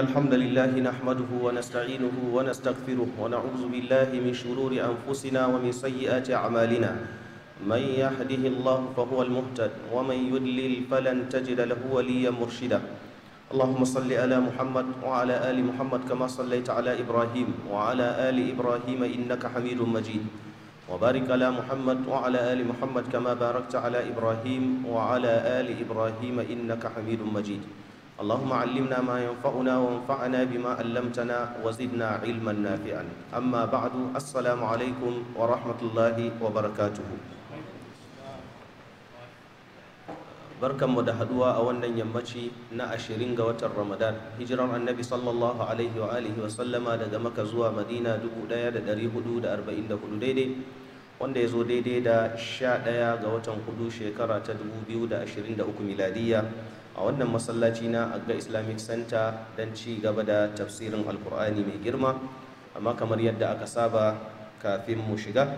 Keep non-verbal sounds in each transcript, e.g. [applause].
الحمد لله نحمده ونستعينه ونستغفره ونعوذ بالله من شرور أنفسنا ومن سيئات أعمالنا من يهده الله فهو المهتد ومن يدلل فلن تجد له وليا مرشدا اللهم صل على محمد وعلى آل محمد كما صليت على إبراهيم وعلى آل إبراهيم إنك حميد مجيد وبارك على محمد وعلى آل محمد كما باركت على إبراهيم وعلى آل إبراهيم إنك حميد مجيد اللهم علمنا ما ينفعنا وانفعنا بما علمتنا وزدنا علما نافعا أما بعد السلام عليكم ورحمة الله وبركاته barkanmu da haduwa a wannan yammaci na ashirin ga watan ramadan hijiran annabi sallallahu alaihi wa alihi wa sallama daga maka zuwa madina 1444 daidai wanda ya zo daidai da 11 ga watan hudu shekara ta 2023 miladiyya a wannan masallaci na agga islamic center don ci gaba da tafsirin alkur'ani mai girma amma kamar yadda aka saba kafin mu shiga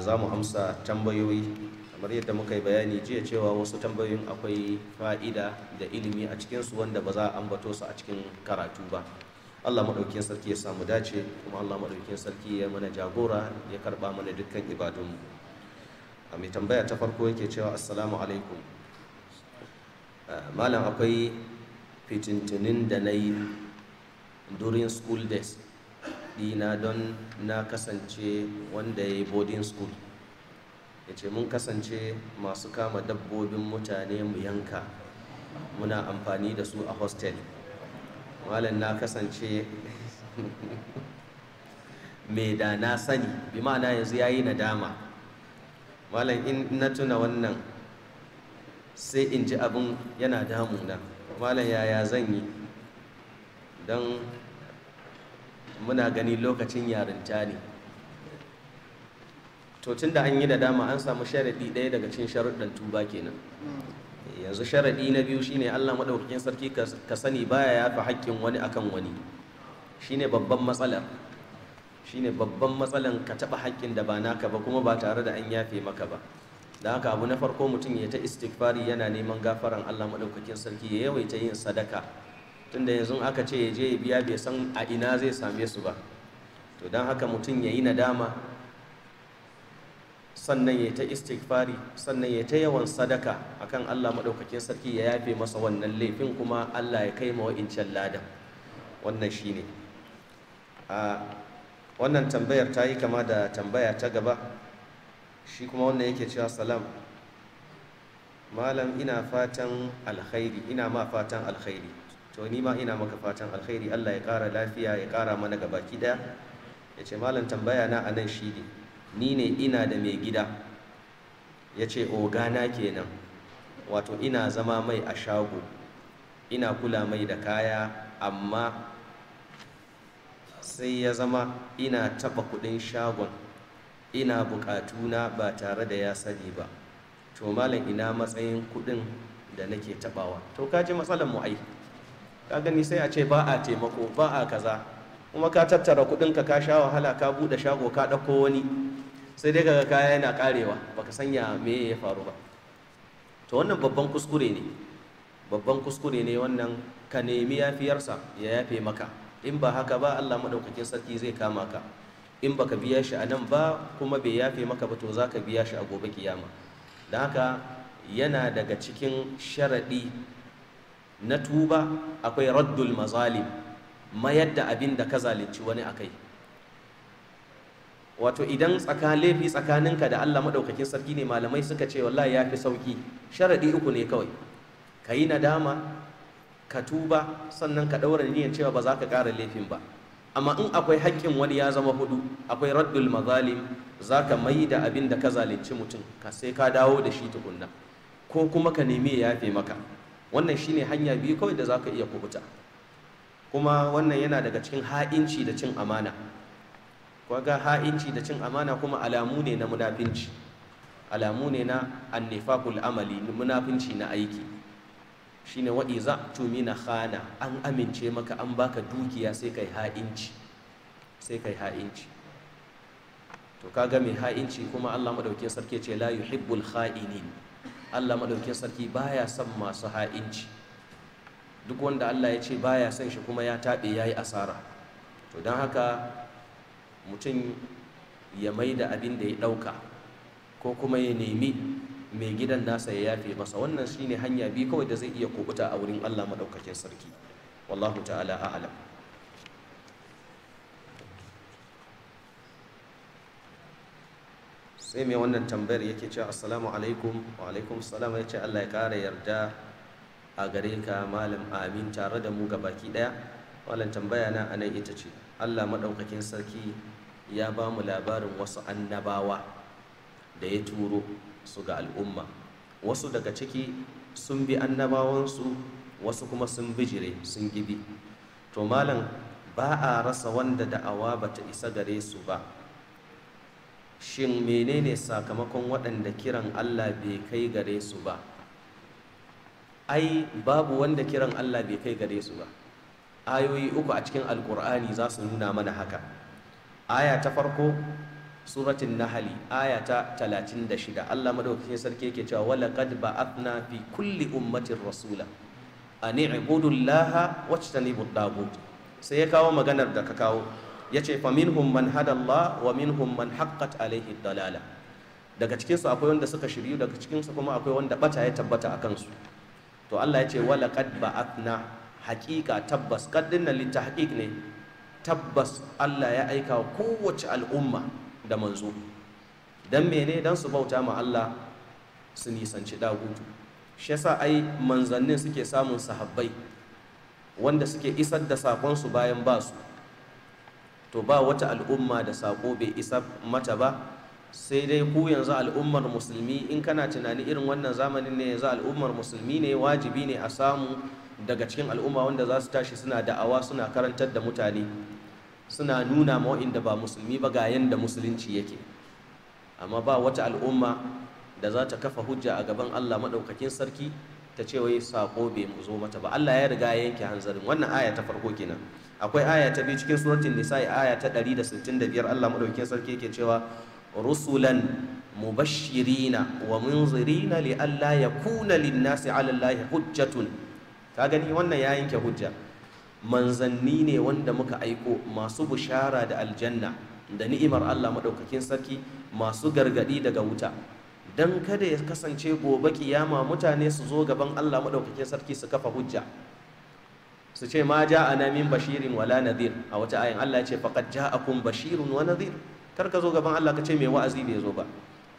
za mu amsa tambayoyi kamar yadda muka yi bayani jiya cewa wasu tambayoyin akwai fa'ida da ilimi a cikinsu wanda ba za a ambato su a cikin karatu ba allah maɗaukin sarki ya samu dace kuma allah maɗaukin sarki ya mana jagora ya karɓa mana dukkan ibadunmu a mai tambaya ta farko yake cewa assalamu alaikum malam akwai fitintunin da na yi during school days dina don na kasance wanda ya yi boarding school ya ce mun kasance masu kama dabbobin mutane mu yanka muna amfani da su a hostel malam na kasance [laughs] mai da na sani bi ma'ana yanzu ya yi nadama malam in na tuna wannan sai in ji abin yana damuna malam yaya zan yi don muna gani lokacin yarinta ne to da an yi da dama an samu sharaɗi ɗaya daga cikin sharaɗin tuba kenan yanzu sharaɗi na biyu shine allah maɗaukakin sarki ka sani baya ya fi haƙƙin wani akan wani shine babban matsalar shine babban matsalan ka taɓa haƙƙin da ba naka ba kuma ba tare da an yafe maka ba da haka abu na farko mutum ya ta istighfari yana neman gafaran Allah madaukakin sarki ya yawaita yin sadaka tunda yanzu aka ce ya je ya biya bai san a ina zai same su ba to don haka mutum ya yi nadama sannan ya ta istighfari sannan ya ta yawan sadaka akan Allah madaukakin sarki ya yafe masa wannan laifin kuma Allah ya kai ma wa'incan ladan wannan shine a wannan tambayar ta yi kama da tambaya ta gaba shi kuma wannan yake cewa salam malam ina fatan alkhairi ina ma fatan alkhairi to ni ma ina maka fatan alkhairi Allah ya ƙara lafiya ya kara mana gabaki ɗaya ya ce malam tambaya na anan shi ne ni ne ina da mai gida ya ce ogana kenan wato ina zama mai a shago ina kula mai da kaya amma sai ya zama ina taɓa kuɗin shagon ina na ba tare da ya sani ba to malam ina matsayin kuɗin da nake tabawa to ka ji matsalar mu ai ka gani sai a ce ba a taimako ba a kaza kuma ka tattara kuɗin ka ka sha wahala ka bude shago ka ɗauko wani sai dai ga kaya yana karewa baka sanya me ya faru ba to wannan babban kuskure ne babban kuskure ne wannan ka nemi yafiyarsa ya yafe maka in ba haka ba Allah madaukakin sarki zai kama ka in baka biya shi a nan ba kuma bai yafe maka ba to za ka biya shi a gobe kiyama da haka yana daga cikin sharaɗi na tuba akwai raddul mazalim mayar da abin da ka zalunci wani akai wato idan tsaka laifi tsakaninka da Allah maɗaukakin sarki ne malamai suka ce wallahi ya fi sauki sharaɗi uku ne kawai ka yi nadama ka tuba sannan ka ɗaura niyyar cewa ba za ka ƙara laifin ba amma in akwai haƙƙin wani ya zama hudu akwai raddul mazalim za ka mai da abin da ka zalunci mutum ka sai ka dawo da shi tukunna ko kuma ka nemi ya yafe maka wannan shine hanya biyu kawai da za ka iya kubuta kuma wannan yana daga cikin ha'inci da cin amana ga ha'inci da cin amana kuma alamu ne na munafinci alamu ne na annifakul amali munafinci na aiki shine wa iza na hana. an amince maka an baka dukiya sai kai ha'inci sai kai ha'inci to kaga mai ha'inci kuma Allah madaukakin sarki ce la yuhibbul kha'inin Allah madaukakin sarki baya son masu ha'inci duk wanda Allah ya ce baya son shi kuma ya taɓe yayi asara to don haka mutum ya mai da abin da ya ɗauka ko kuma ya nemi mai gidan nasa ya yafe masa wannan shine hanya biyu kawai da zai iya kubuta a wurin Allah madaukakin sarki wallahu ta'ala a'lam sai mai wannan tambayar yake cewa assalamu alaikum wa alaikum salam ya ce Allah ya kara yarda a gare ka malam amin tare da mu baki daya malam tambaya na anan ita ce Allah maɗaukakin sarki ya ba mu labarin wasu annabawa da ya turo su ga al'umma wasu daga ciki sun bi annabawansu wasu kuma sun bijire sun gibi to malam ba a rasa wanda da'awa ba ta isa gare su ba shin menene sakamakon waɗanda kiran allah bai kai gare su ba ai babu wanda kiran allah bai kai gare su ba ayoyi uku a cikin alkur'ani za su nuna mana haka aya ta farko suratul nahali aya ta 36 Allah madaukakin sarki yake cewa wala walaqad ba'athna fi kulli ummatin rasula an i'budu ta wajtanibu at sai ya kawo maganar da ka kawo yace fa minhum man hada Allah wa minhum man haqqat alaihi dalala daga cikinsu akwai wanda suka shiryu daga cikinsu kuma akwai wanda bata ya tabbata a kansu to Allah ya ce wala qad ba'athna haqiqa tabbas qad dinna litahqiq ne tabbas Allah ya aika kowace al'umma da manzo dan mene dan su bauta ma Allah su nisanci dagutu shi yasa ai manzannin suke samun sahabbai wanda suke isar da sakon bayan ba su to ba wata al'umma da sako bai isa mata ba sai dai ku yanzu al'ummar musulmi in kana tunani irin wannan zamanin ne yanzu al'ummar musulmi ne wajibi ne a samu daga cikin al'umma wanda za su tashi suna da'awa suna karantar da mutane suna nuna ma inda ba musulmi ba ga yanda musulunci yake amma ba wata al'umma da za ta kafa hujja a gaban Allah maɗaukakin sarki ta ce wai sako bai zo mata ba Allah ya riga ya yanke hanzarin wannan aya ta farko kenan akwai aya ta biyu cikin suratul nisa aya ta 165 Allah maɗaukakin sarki yake cewa rusulan mubashirina wa munzirina li alla yakuna lin-nasi 'ala Allahi hujjatun ka gani wannan ya yanke hujja manzanni ne wanda muka aiko masu bushara da aljanna da ni'imar Allah maɗaukakin sarki masu gargaɗi daga wuta don kada ya kasance gobe kiyama mutane su zo gaban Allah maɗaukakin sarki su kafa hujja su ce ma ja ana min bashirin wala nadhir a wata ayin Allah ya ce faqad ja'akum bashirun wa nadhir kar ka zo gaban Allah ka ce mai wa'azi bai zo ba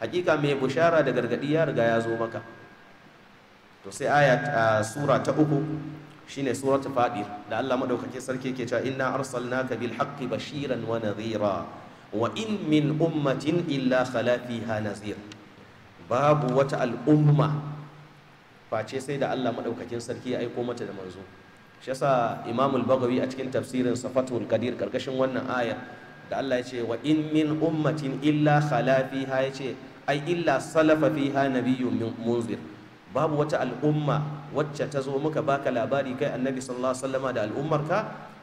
hakika mai bushara da gargaɗi ya riga ya zo maka to sai aya ah, sura ta uku shine suratul fadir da Allah maɗaukacin sarki ke cewa inna arsalnaka bil haqqi bashiran wa nadhira wa in min ummatin illa khala fiha nazir babu wata al'umma face sai da Allah madaukakin sarki ya aiko mata da manzo shi yasa Imam al-Baghawi a cikin tafsirin Safatul Qadir karkashin wannan aya da Allah ya ce wa in min ummatin illa khala fiha ya ce ai illa salafa fiha nabiyyun munzir babu wata al'umma wacce ta zo muka baka labari kai annabi sallallahu alaihi wasallama da al'ummarka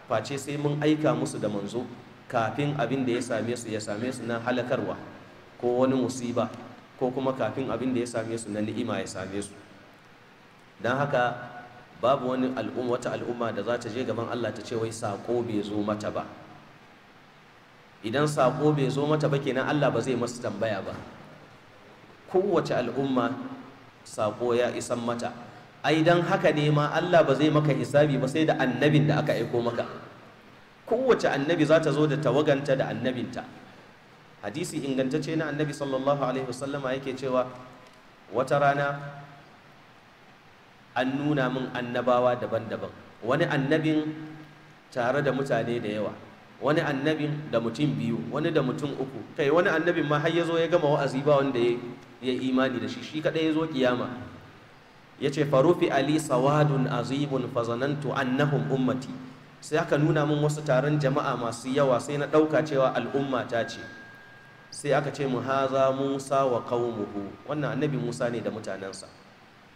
face sai mun aika musu da manzo kafin abin da ya same su ya same su na halakarwa ko wani musiba ko kuma kafin abin da ya same su na ni'ima ya same su don haka babu wani al'umma wata al'umma da za ta je gaban Allah ta ce wai sako bai zo mata ba idan sako bai zo mata ba kenan Allah ba zai masu tambaya ba kowace al'umma sako ya isan mata ai dan haka ne ma Allah ba zai maka hisabi ba sai da annabin da aka aiko maka kowace annabi za ta zo da tawaganta da annabinta hadisi ingantacce na annabi sallallahu alaihi wasallama yake cewa wata rana an nuna min annabawa daban-daban wani annabin tare da mutane da yawa wani annabin da mutum biyu wani da mutum uku kai wani annabin ma har ya zo ya gama wa'azi ba wanda ya ya imani da shi shi kadai ya zo kiyama ya ce farufi ali sawadun azibun fazanantu annahum ummati sai aka nuna min wasu taron jama'a masu yawa sai na ɗauka cewa al'umma ta ce sai aka ce mu haza musa wa qaumuhu wannan annabi musa ne da mutanensa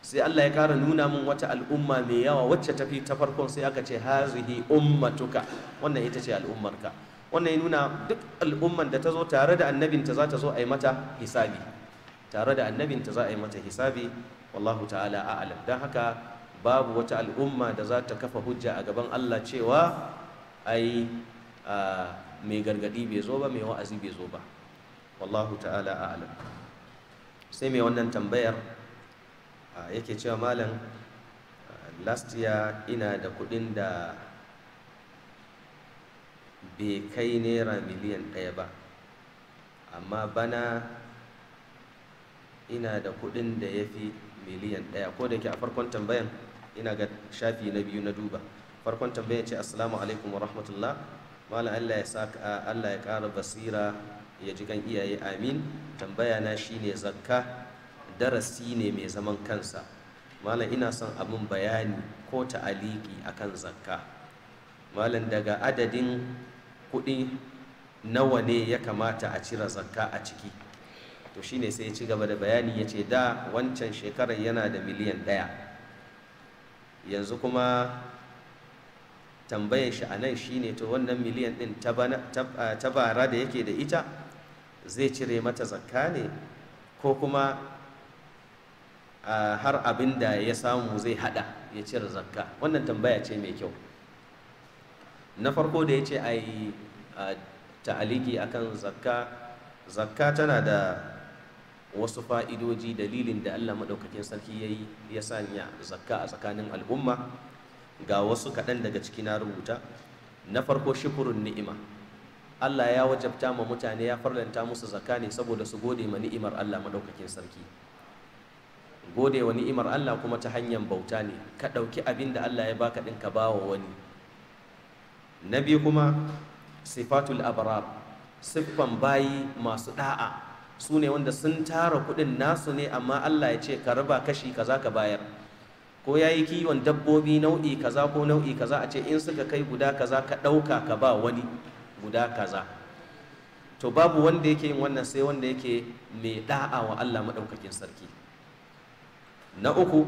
sai Allah ya kara nuna min wata al'umma mai yawa wacce ta fi ta farkon sai aka ce hazihi ummatuka wannan ita ce al'ummarka wannan ya nuna duk al'umman da ta zo tare da annabinta za ta zo a yi mata hisabi tare da annabinta za a yi mata hisabi wallahu ta'ala a'lam don haka babu wata al'umma da za ta kafa hujja a gaban Allah cewa ai mai gargadi bai zo ba mai wa'azi bai zo ba wallahu ta'ala a'lam sai mai wannan tambayar yake cewa malam last year ina da kudin da bai kai naira miliyan ɗaya ba amma bana ina da kuɗin da ya fi miliyan ɗaya ko da ke a farkon tambayan ina ga shafi na biyu na duba farkon tambayan ce assalamu alaikum wa rahmatullah malam allah ya saka allah ya ƙara basira ya ji kan iyaye amin tambaya na shine zakka darasi ne mai zaman kansa malam ina son abin bayani ko ta'aliki akan zakka malam daga adadin kuɗi nawa ne ya kamata a cire zakka a ciki to shine sai ya ci gaba da bayani ya ce da wancan shekarar yana da miliyan ɗaya yanzu kuma tambayan shi a nan shine to wannan miliyan ɗin ta bara da yake da ita zai cire mata zakka ne ko kuma har abin da ya samu zai hada ya cire zakka wannan tambaya ce mai kyau na farko da ya ce a yi ta'aliki akan zakka zakka tana da wasu fa'idoji dalilin da Allah maɗaukakin sarki ya yi ya sanya zakka a tsakanin al'umma ga wasu kaɗan daga ciki na rubuta na farko shukurun ni'ima Allah ya wajabta ma mutane ya farlanta musu zakka ne saboda su gode ma ni'imar Allah maɗaukakin sarki gode wa ni'imar Allah kuma ta hanyar bauta ne ka ɗauki abin da Allah ya baka ɗin ka bawa wani na biyu kuma sifatul abrar siffan bayi masu ɗa'a su ne wanda sun tara kuɗin nasu ne amma Allah ya ce ka raba kashi kaza ka bayar ko ya yi kiwon dabbobi nau'i kaza ko nau'i kaza a ce in suka kai guda kaza ka ɗauka ka ba wani guda kaza to babu wanda yake yin wannan sai wanda yake mai da'a wa Allah maɗaukakin sarki na uku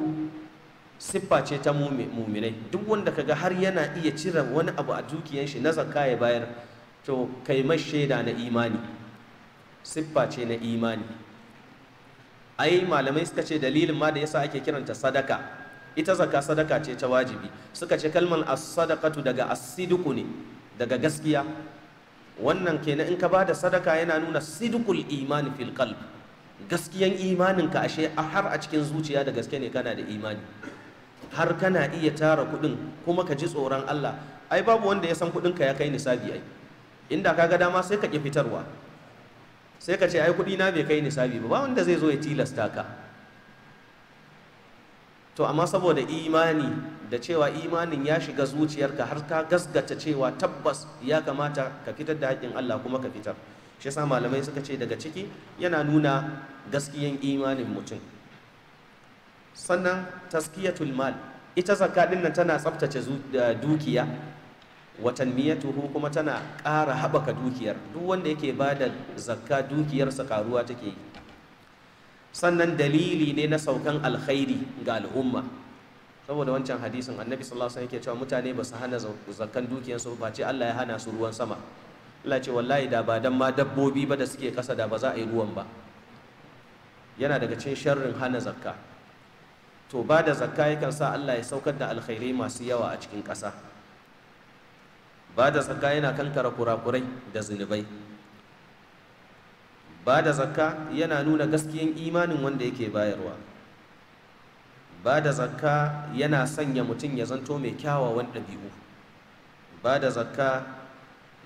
siffa ce ta muminai duk wanda kaga har yana iya cire wani abu a dukiyan shi na zakka ya bayar to kai mai shaida na imani siffa ce na imani ai malamai suka ce dalilin ma da yasa ake kiranta sadaka ita zaka sadaka ce ta wajibi suka ce kalman as-sadaqatu daga as ne daga gaskiya wannan kenan in ka bada sadaka yana nuna sidqul imani fil qalb gaskiyan imaninka ashe har a cikin zuciya da gaske ne kana da imani har kana iya tara kuɗin kuma ka ji tsoron Allah ai babu wanda ya san ka ya kai nisabi ai inda ga dama sai ka ki fitarwa sai ka ce ai kuɗi na bai kai nisabi ba ba wanda zai zo ya tilasta ka to amma saboda imani da cewa imanin ya shiga zuciyarka har ka gasgata cewa tabbas ya kamata ka fitar da haƙƙin Allah kuma ka fitar shi yasa malamai suka ce daga ciki yana nuna gaskiyan imanin mutum sannan taskiyatul mal ita zakka nan tana tsaftace eh, dukiya watan miyatuhu kuma tana ƙara haɓaka dukiyar duk wanda yake ba da zakka dukiyarsa karuwa take yi sannan dalili ne na saukan alkhairi ga al'umma saboda wancan hadisin annabi sallallahu alaihi wasallam yake cewa mutane ba su hana zakkan dukiyarsu ba ce Allah ya hana su ruwan sama Allah ce wallahi da ba dan ma dabbobi ba da suke kasa da ba za a yi ruwan ba yana daga cikin sharrin hana zakka to ba da zakka yakan sa Allah ya saukar da alkhairai masu yawa a cikin ƙasa ba da zakka yana kankara kurakurai da zunubai ba da zakka yana nuna gaskiyan imanin wanda yake bayarwa ba da zakka yana sanya mutum ya zanto mai kyawawan ɗabi'u ba da zakka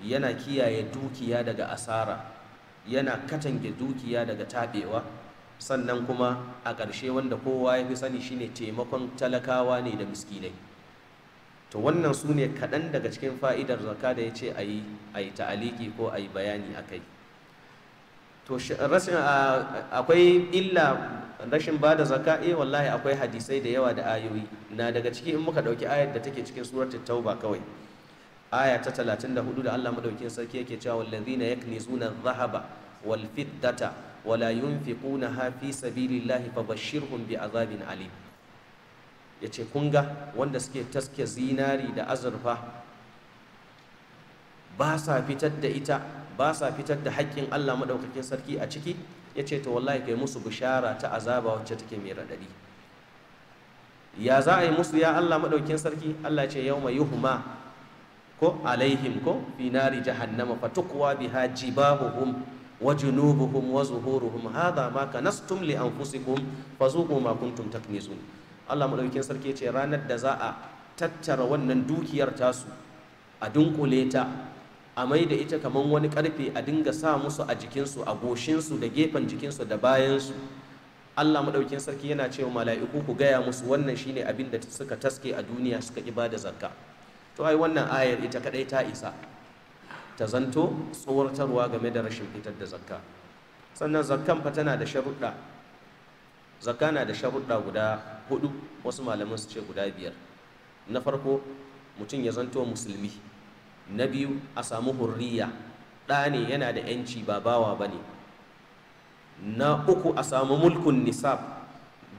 yana kiyaye dukiya daga asara yana katange dukiya daga taɓewa sannan kuma a ƙarshe wanda kowa ya fi sani shine taimakon talakawa ne da miskinai to wannan su ne kaɗan daga cikin fa'idar zaka da ya ce a yi ta'aliki ko a yi bayani a kai to akwai illa rashin ba da zaka eh wallahi akwai hadisai da yawa da ayoyi na daga ciki in muka ɗauki ayar da take cikin surar tauba kawai aya ta 34 da Allah madaukin sarki yake cewa wallazina yaknizuna adh-dhahaba wal fiddata wala yunfiqunaha fi sabilillahi bi azabin alim ya ce kunga wanda suke taske zinari da azurfa ba sa fitar da ita ba sa fitar da haƙƙin allah maɗaukakin sarki a ciki ya ce to wallahi kai musu bishara ta azaba wacce take mai raɗaɗi ya za a yi musu ya allah maɗaukin sarki allah ce yau mai yuhuma ko alaihim ko finari jahannama fatukwa biha jibahuhum wa junubuhum wa zuhuruhum hadha ma kanastum li anfusikum fazuqu ma kuntum taknizun Allah maɗaukin sarki ce ranar da za a tattara wannan dukiyar tasu a dunkule ta a mai da ita kamar wani karfe a dinga sa musu a jikinsu a goshinsu da gefen jikinsu da bayansu Allah maɗaukin sarki yana cewa mala'iku ku gaya musu wannan shine abin da suka taske a duniya suka ki da zakka to ai wannan ayar ita kadai ta isa ta zanto tsoratarwa game da rashin fitar da zakka sannan zakkan fa tana da sharuɗa zakka na da sharuɗa guda hudu wasu malaman su ce guda biyar na farko mutum ya zanto musulmi na biyu a samu hurriya ɗa ne yana da yanci ba bawa ba ne na uku a samu mulkun nisab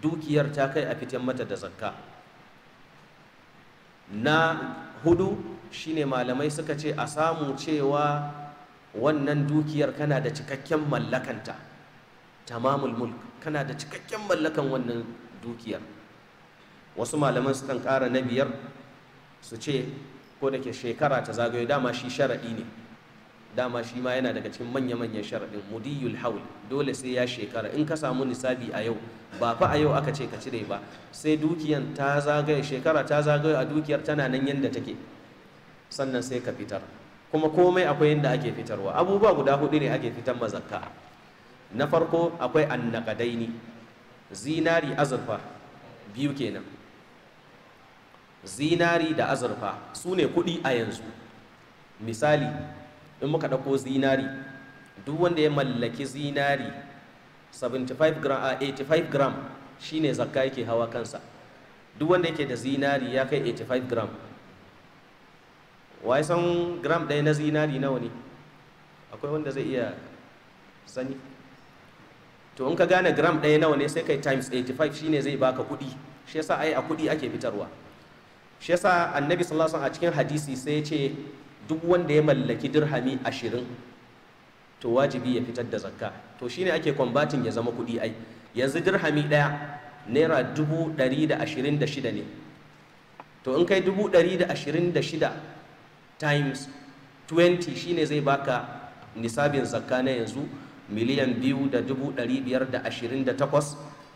dukiyar ta kai a fitan mata da zakka na hudu shine malamai suka ce a samu cewa wannan dukiyar kana da cikakken mallakanta tamamul mulk kana da cikakken mallakan wannan dukiyar wasu malaman su kan kara na biyar su ce ko da ke shekara ta zagayo dama shi sharaɗi ne dama shi ma yana daga cikin manya-manyan sharaɗin mudiyul haul dole sai ya shekara in ka samu nisabi a yau ba fa a yau aka ce ka cire ba sai dukiyan ta zagaye shekara ta zagaye a dukiyar tana nan yadda take sannan sai ka fitar kuma komai akwai yadda ake fitarwa abubuwa guda hudu ne ake fitar mazakka na farko akwai annaqadaini zinari azurfa biyu kenan zinari da azurfa su ne kuɗi a yanzu misali in muka ɗauko zinari duk wanda ya mallaki zinari 75 gram a 85 gram ne zakka yake hawa kansa duk wanda yake da zinari ya kai 85 gram wai san gram ɗaya na zinari nawa ne akwai wanda zai iya sani to in ka gane gram ɗaya nawa ne sai kai times 85 shine zai baka kuɗi shi yasa ai a kuɗi ake fitarwa shi yasa annabi sallallahu alaihi a cikin hadisi sai ya ce duk wanda ya mallaki dirhami ashirin to wajibi ya fitar da zakka to shine ake combating ya zama kuɗi ai yanzu dirhami ɗaya naira dubu ɗari da ashirin da shida ne to in kai dubu ɗari da ashirin da shida times 20 shine zai baka nisabin zakka na yanzu miliyan biyu da dubu ɗari biyar da ashirin da takwas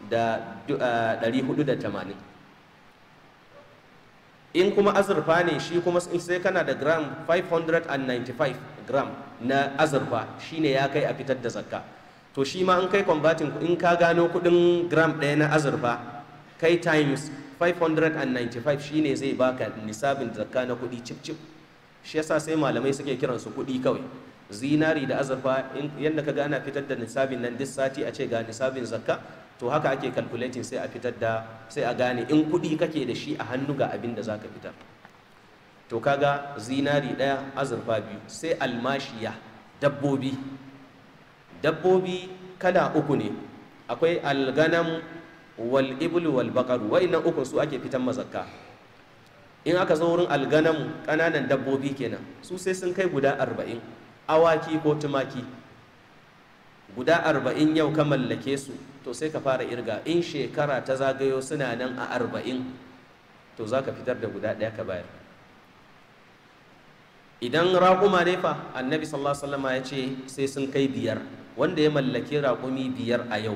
da eh, ɗari hudu da tamanin in kuma azurfa ne shi kuma sai kana da gram 595 gram na azurfa shine ya kai a fitar da zakka to shi ma in kai kwambatin in ka gano kudin gram ɗaya na azurfa kai times 595 shine zai baka nisabin zakka na kudi cip cip shi yasa sai malamai suke kiransu kudi kawai zinari da azurfa yadda ka ana fitar da nisabin nan duk sati a ce ga nisabin zakka to haka ake calculating sai a fitar da sai a gane in kuɗi kake da shi a hannu ga abin da ka fitar to kaga zinari ɗaya azurfa biyu sai almashiya dabbobi dabbobi kala uku ne akwai alganam wal iblu wal baqaru wa'annan uku su ake fitar mazakka in aka zo wurin al'ganan ƙananan dabbobi kenan su sai sun kai guda arba'in awaki ko tumaki guda arba'in yau ka mallake su to sai ka fara irga in shekara ta zagayo suna nan a arba'in to za ka fitar da guda ɗaya ka bayar idan raƙuma ne fa annabi sallallahu alaihi wasallam ya ce sai sun kai biyar wanda ya mallaki raƙumi biyar a yau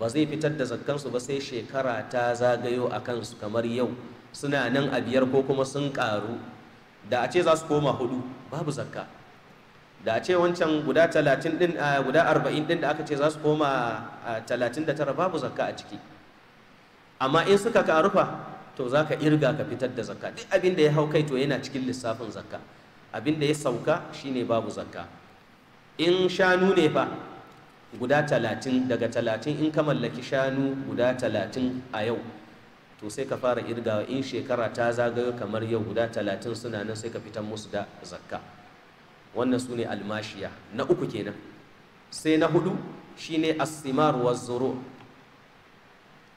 ba zai fitar da zakkansu ba sai shekara ta zagayo a kansu kamar yau suna nan a biyar ko kuma sun ƙaru da a ce za su koma hudu babu zakka da a ce wancan guda talatin din guda arba'in din da aka ce za su koma talatin da tara babu zakka a ciki amma in suka karufa to za ka irga ka fitar da zakka duk abin da ya hau kai to yana cikin lissafin zakka abin da ya sauka shine babu zakka in shanu ne fa guda talatin daga talatin in ka mallaki shanu guda talatin a yau to sai ka fara irgawa in shekara ta zagayo kamar yau guda talatin suna nan sai ka fitar musu da zakka wannan su ne almashiya na uku kenan sai na hudu shine asimar wa zuru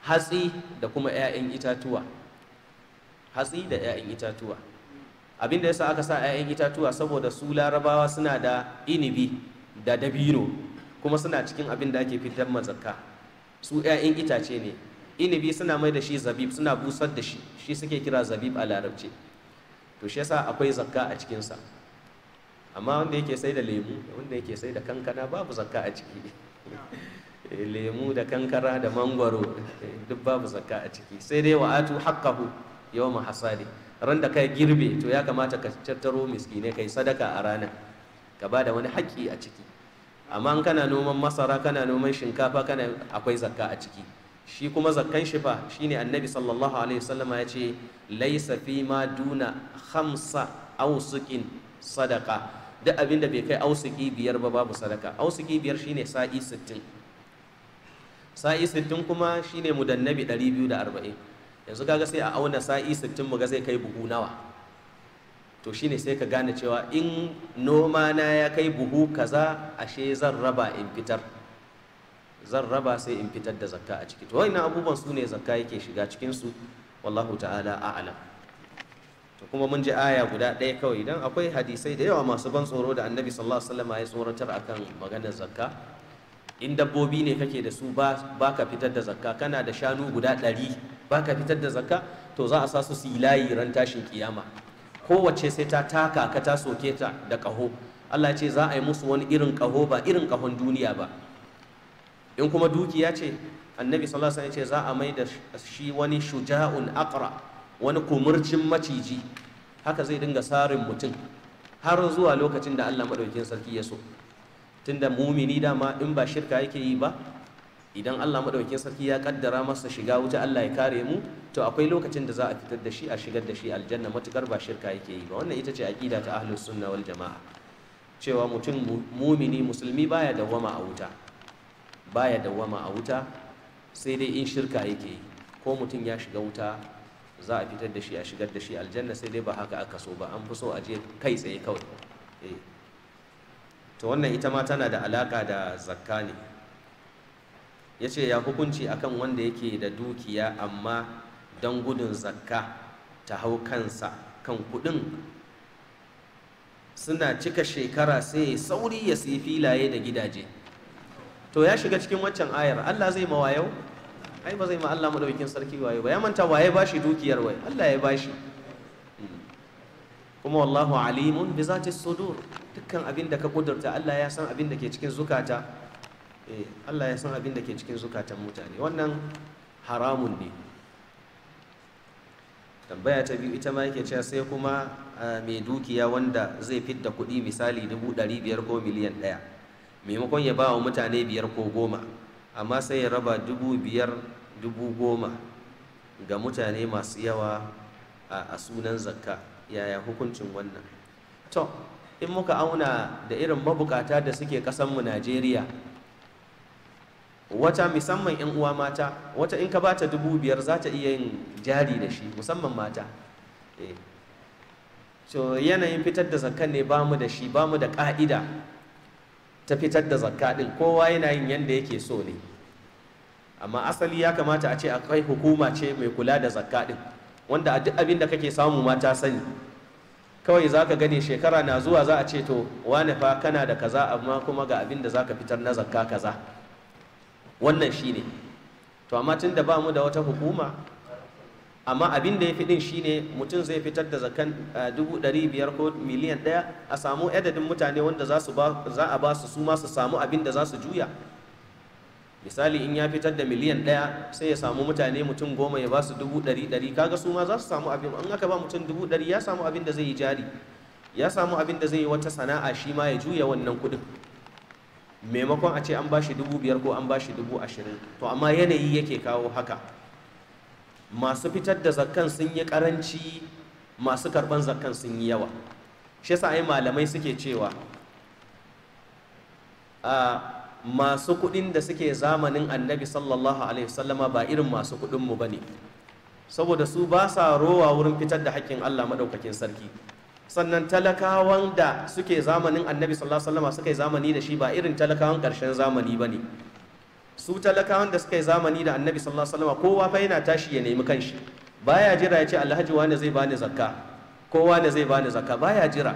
hatsi da kuma 'ya'yan itatuwa hatsi da 'ya'yan itatuwa abinda yasa aka sa 'ya'yan itatuwa saboda su larabawa suna da inibi da dabino kuma suna cikin abin da ake fitar mazaka su 'ya'yan itace ne inibi suna mai da shi zabib suna busar da shi shi suke kira zabib a larabce to shi yasa akwai zakka a cikinsa amma wanda yake sai da lemu wanda yake sai da kankana babu zakka a ciki [laughs] eh, lemu da kankara da mangwaro eh, duk babu zakka a ciki sai dai wa'atu haqqahu yawma hasadi ran da kai girbe to ya kamata ka tattaro miskine kai sadaka a rana ka ba da wani haƙƙi a ciki amma in kana noman masara kana noman shinkafa kana akwai zakka a ciki shi kuma zakkan shi fa shine annabi sallallahu alaihi wasallama ya ce laisa fi ma duna khamsa awsuqin sadaka. duk abinda bai kai ausiki biyar ba babu sadaka ausiki biyar shine sa'i sittin sa'i sittin kuma shine mudannabi ɗari biyu da arba'in yanzu kaga sai a auna sa'i sittin mu ga zai kai buhu nawa to shine sai ka gane cewa in noma na ya kai buhu kaza ashe zan raba in fitar zan raba sai in fitar da zakka a ciki to wa'annan abubuwan su ne zakka yake shiga cikin su wallahu ta'ala a'lam to kuma mun ji aya guda ɗaya kawai idan akwai hadisai da yawa masu ban tsoro da annabi sallallahu alaihi wasallam ya tsoratar akan maganar zakka in dabbobi ne kake da su ba ka fitar da zakka kana da shanu guda ɗari ba ka fitar da zakka to za a sa su yi layi ran tashin kiyama kowace sai ta taka ka ta soke ta da ƙaho Allah ce za a yi musu wani irin kaho ba irin kahon duniya ba in kuma dukiya ce annabi sallallahu alaihi wasallam ya ce za a mai da shi wani shuja'un aqra wani kumurcin maciji haka zai dinga sarin mutum har zuwa lokacin da Allah maɗaukin sarki ya so tunda mumini dama in ba shirka yake yi ba idan Allah maɗaukin sarki ya kaddara masa shiga wuta Allah ya kare mu to akwai lokacin da za a fitar da shi a shigar da shi aljanna matukar ba shirka yake yi ba wannan ita ce aqida ta ahlus sunna wal jamaa cewa mutum mumini musulmi baya dawwama a wuta baya dawwama a wuta sai dai in shirka yake yi ko mutum ya shiga wuta za a fitar da shi a shigar da shi aljanna sai dai ba haka aka so ba an fi so a je kai tsaye kawai eh. to wannan ita ma tana da alaka da zakka ne ya ce ya hukunci akan wanda yake da dukiya amma don gudun zakka ta hau kansa kan kudin suna cika shekara sai sauri ya siyi filaye da gidaje to ya shiga cikin waccan ayar allah zai mawa yau ai ba zai ma Allah madaukin sarki waye ba ya manta waye bashi dukiyar waye Allah ya bashi kuma wallahu alimun bi zati sudur dukkan abin da ka kudurta Allah ya san abin da ke cikin zukata eh Allah ya san abin da ke cikin zukatan mutane wannan haramun ne tambaya ta biyu ita ma yake cewa sai kuma mai dukiya wanda zai fitta kuɗi misali dubu ɗari biyar ko miliyan ɗaya maimakon ya ba wa mutane biyar ko goma amma sai ya raba dubu biyar dubu goma ga mutane masu yawa a sunan zakka yaya hukuncin wannan to in muka auna da irin mabukata da suke kasanmu najeriya wata musamman 'yan uwa mata wata in ka bata dubu biyar za ta iya yin jari da shi musamman mata eh. To yanayin fitar da zakkan ne bamu da shi bamu da ka'ida ta fitar da zakka din kowa yana yin yanda yake so ne amma asali ya kamata a ce akwai hukuma ce mai kula da zakka din wanda a duk abin da kake samu ma ta sani kawai za ka gane shekara na zuwa za a ce to wane fa kana da kaza amma kuma ga abin da za ka fitar na zakka kaza wannan shi ne. to amma tun da ba mu da wata hukuma amma abin da ya fi din shine mutum zai fitar da zakan eh, dubu ɗari biyar ko miliyan ɗaya a samu adadin mutane wanda za a ba su su ma su samu abin da za su juya misali in ya fitar da miliyan ɗaya sai ya samu mutane mutum goma ya ba su dubu ɗari ɗari kaga su ma za su samu abin an aka ba mutum dubu ɗari ya samu abin da zai yi jari ya samu abin da zai yi wata sana'a shi ma ya juya wannan kuɗin maimakon a ce an ba shi dubu biyar ko an ba shi dubu ashirin to amma yanayi yake kawo haka masu fitar da zakkan sun yi karanci masu karban zakkan sun yi yawa shi yasa ai malamai suke cewa a masu kuɗin da suke zamanin annabi sallallahu alaihi wasallama ba irin masu kuɗin mu bane saboda su ba sa rowa wurin fitar da haƙƙin Allah maɗaukakin sarki sannan talakawan da suke zamanin annabi sallallahu alaihi wasallama suka yi zamani da shi ba irin talakawan ƙarshen zamani bane su talakawan da suka yi zamani da annabi sallallahu alaihi wasallam kowa fa yana tashi ya nemi kanshi baya jira ya ce alhaji wani zai bani zakka kowa ne zai bani zakka baya jira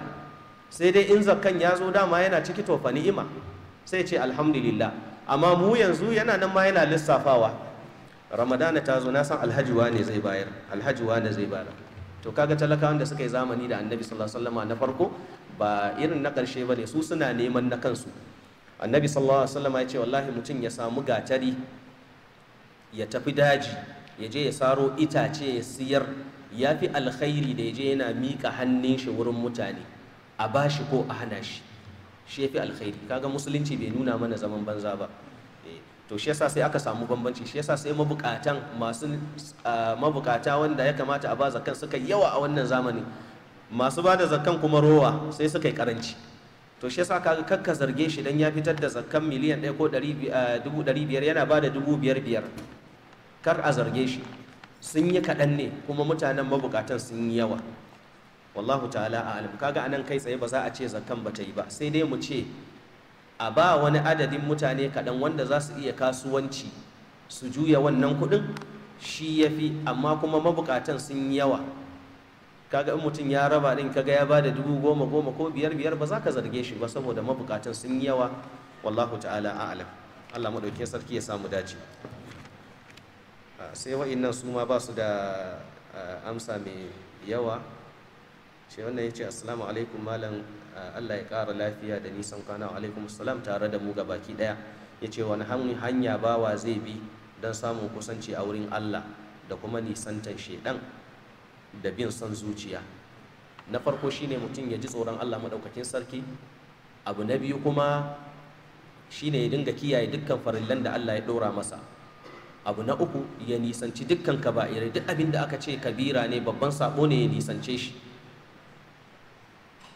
sai dai in zakkan ya zo dama yana ciki to fa ni'ima sai ce alhamdulillah amma mu yanzu yana nan ma yana lissafawa ramadana ta zo na san alhaji wane zai bayar alhaji wane zai bayar to kaga talakawan da suka yi zamani da annabi sallallahu alaihi wasallam na farko ba irin na karshe ne su suna neman na kansu annabi sallallahu alaihi wasallam ya ce wallahi mutum ya samu gatari ya tafi daji ya je ya saro itace ya siyar ya fi alkhairi da ya je yana miƙa hannun shi wurin mutane a bashi ko a hana shi shi ya fi alkhairi kaga musulunci bai nuna mana zaman banza ba eh, to shi yasa sai aka samu bambanci shi yasa sai mabukatan masu mabukata wanda ya kamata a ba zakan suka yawa a wannan zamani masu bada da zakan kuma rowa sai suka yi karanci to shi yasa kaga kakka zarge shi dan ya fitar da zakkan miliyan ɗaya ko 500 eh, yana bada da kar a zarge shi sun yi kaɗan ne kuma mutanen mabukatan sun yi yawa wallahu ta'ala alam kaga anan kai tsaye ba za a ce zakkan ba ta yi ba sai dai mu ce a ba wani adadin mutane kaɗan wanda za su iya kasuwanci su juya wannan kuɗin shi ya fi amma kuma mabukatan sun yi yawa kaga in mutum ya raba din kaga ya da dubu goma goma ko biyar biyar ba za ka zarge shi ba saboda mabukatan sun yi yawa wallahu ta'ala a'lam Allah madaukin sarki ya samu dace ah, sai wa'annan su ma ba su da ah, amsa mai yawa ce wannan ya ce assalamu alaikum malam ah, Allah ya ƙara lafiya da nisan kwana alaikum salam tare da mu ga baki ɗaya ya ce wani hanya bawa zai bi don samun kusanci a wurin Allah da kuma nisantan shaidan da bin son zuciya na farko shine mutum ya ji tsoron Allah maɗaukakin sarki abu na biyu kuma shine ya dinga kiyaye dukkan farillan da Allah ya ɗora masa abu na uku ya nisanci dukkan kaba'irai duk abin da aka ce kabira ne babban sabo ne ya nisance shi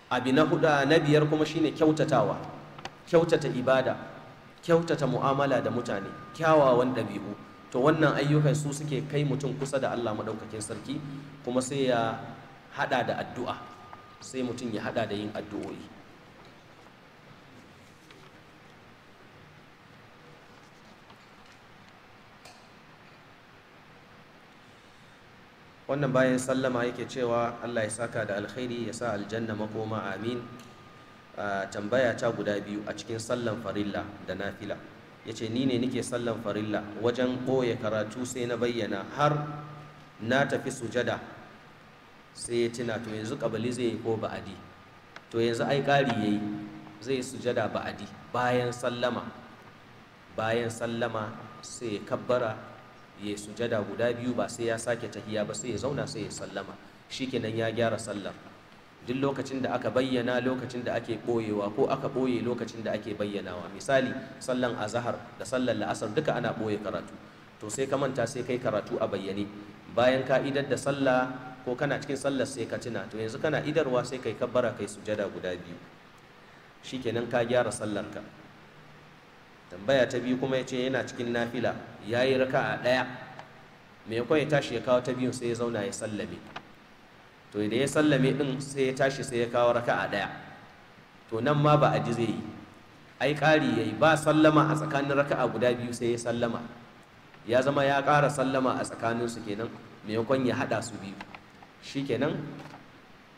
abu na huɗu na biyar kuma shine kyautatawa kyautata ibada kyautata mu'amala da mutane kyawawan ɗabi'u to wannan ayyukan su suke kai mutum kusa da Allah maɗaukakin sarki kuma sai ya haɗa da addu'a sai mutum ya haɗa da yin addu'o'i wannan bayan sallama yake cewa Allah ya saka da alkhairi ya sa aljanna makoma amin ah, tambaya ta guda biyu a cikin sallan farilla da nafila fila ya ce ni ne nike sallan farilla wajen ɓoye karatu sai na bayyana har na tafi sujada sai ya tuna to yanzu ƙabali zai yi ko ba'adi to yanzu ai ƙari ya yi zai sujada ba'adi bayan sallama bayan sallama sai ya kabbara ya sujada guda biyu ba sai ya sake tahiya ba sai ya zauna sai ya sallama shi kenan ya gyara sallar duk lokacin da aka bayyana lokacin da ake ɓoyewa ko aka ɓoye lokacin da ake bayyanawa misali sallan azahar da sallan la'asar duka ana ɓoye karatu to sai ka manta sai kai karatu a bayyane bayan ka idar da sallah ko kana cikin sallar sai ka tuna to yanzu kana idarwa sai kai kabbara kai sujada guda biyu shikenan ka gyara sallar ka tambaya ta biyu kuma ya ce yana cikin nafila yayi yi raka'a ɗaya mai kawai tashi ya kawo ta biyun sai ya zauna ya sallame to da ya sallame din sai ya tashi sai ya kawo raka'a daya to nan ma ba a zai yi ai ƙari yayi ba sallama a tsakanin raka'a guda biyu sai ya sallama ya zama ya ƙara sallama a tsakanin su kenan maimakon ya hada su biyu shikenan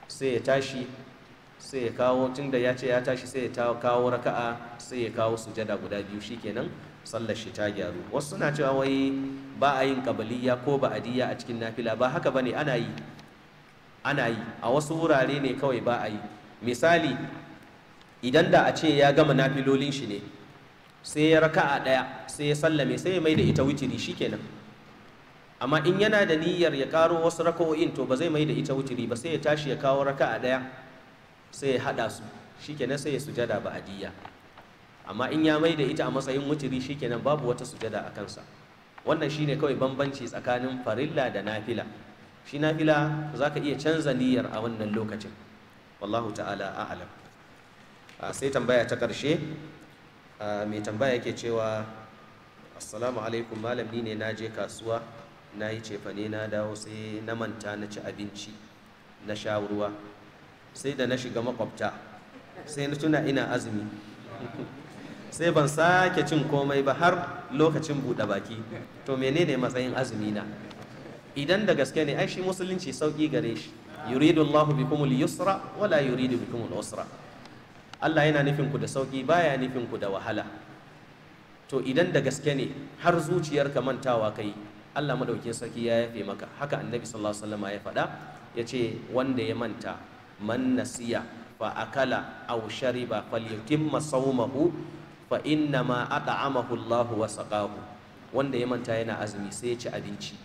sai ya tashi sai ya kawo tunda ya ce ya tashi sai ya kawo raka'a sai ya kawo sujada guda biyu shikenan sallar shi ta gyaru wasu suna cewa wai ba a yin kabaliya ko ba a cikin nafila ba haka bane ana yi ana yi a wasu wurare ne kawai ba a yi misali idan da a ce ya gama nafilolin shi ne sai ya raka a ɗaya sai ya sallame sai ya mai da ita witiri shikenan amma in yana da niyyar ya karo wasu raka'o'in to ba zai mai da ita witiri ba sai ya tashi ya kawo raka a ɗaya sai ya haɗa su shikenan sai ya sujada ba adiyya amma in ya mai da ita a matsayin wuciri shikenan babu wata sujada a kansa wannan shine kawai bambanci tsakanin farilla da nafila shi ila za ka iya canza niyyar a wannan lokacin wallahu ta'ala a'lam sai tambaya ta ƙarshe mai tambaya yake cewa assalamu alaikum malami ne na je kasuwa na yi cefane na dawo sai na manta na ci abinci na sha ruwa sai da na shiga makwabta sai na tuna ina azumi sai ban sake cin komai ba har lokacin buɗe baki to menene matsayin azumi na idan da gaske ne ai shi musulunci sauki gare shi yuridu Allahu bikumul yusra wala yuridu bikumul usra Allah yana nufin ku da sauki baya nufin ku da wahala to idan da gaske ne har zuciyar ka mantawa kai Allah madaukin sarki ya yafe maka haka annabi sallallahu alaihi wasallam ya faɗa ya ce wanda ya manta man nasiya fa akala aw shariba falyutimma sawmahu fa inna ma at'amahu Allah wa saqahu wanda ya manta yana azumi sai ya ci abinci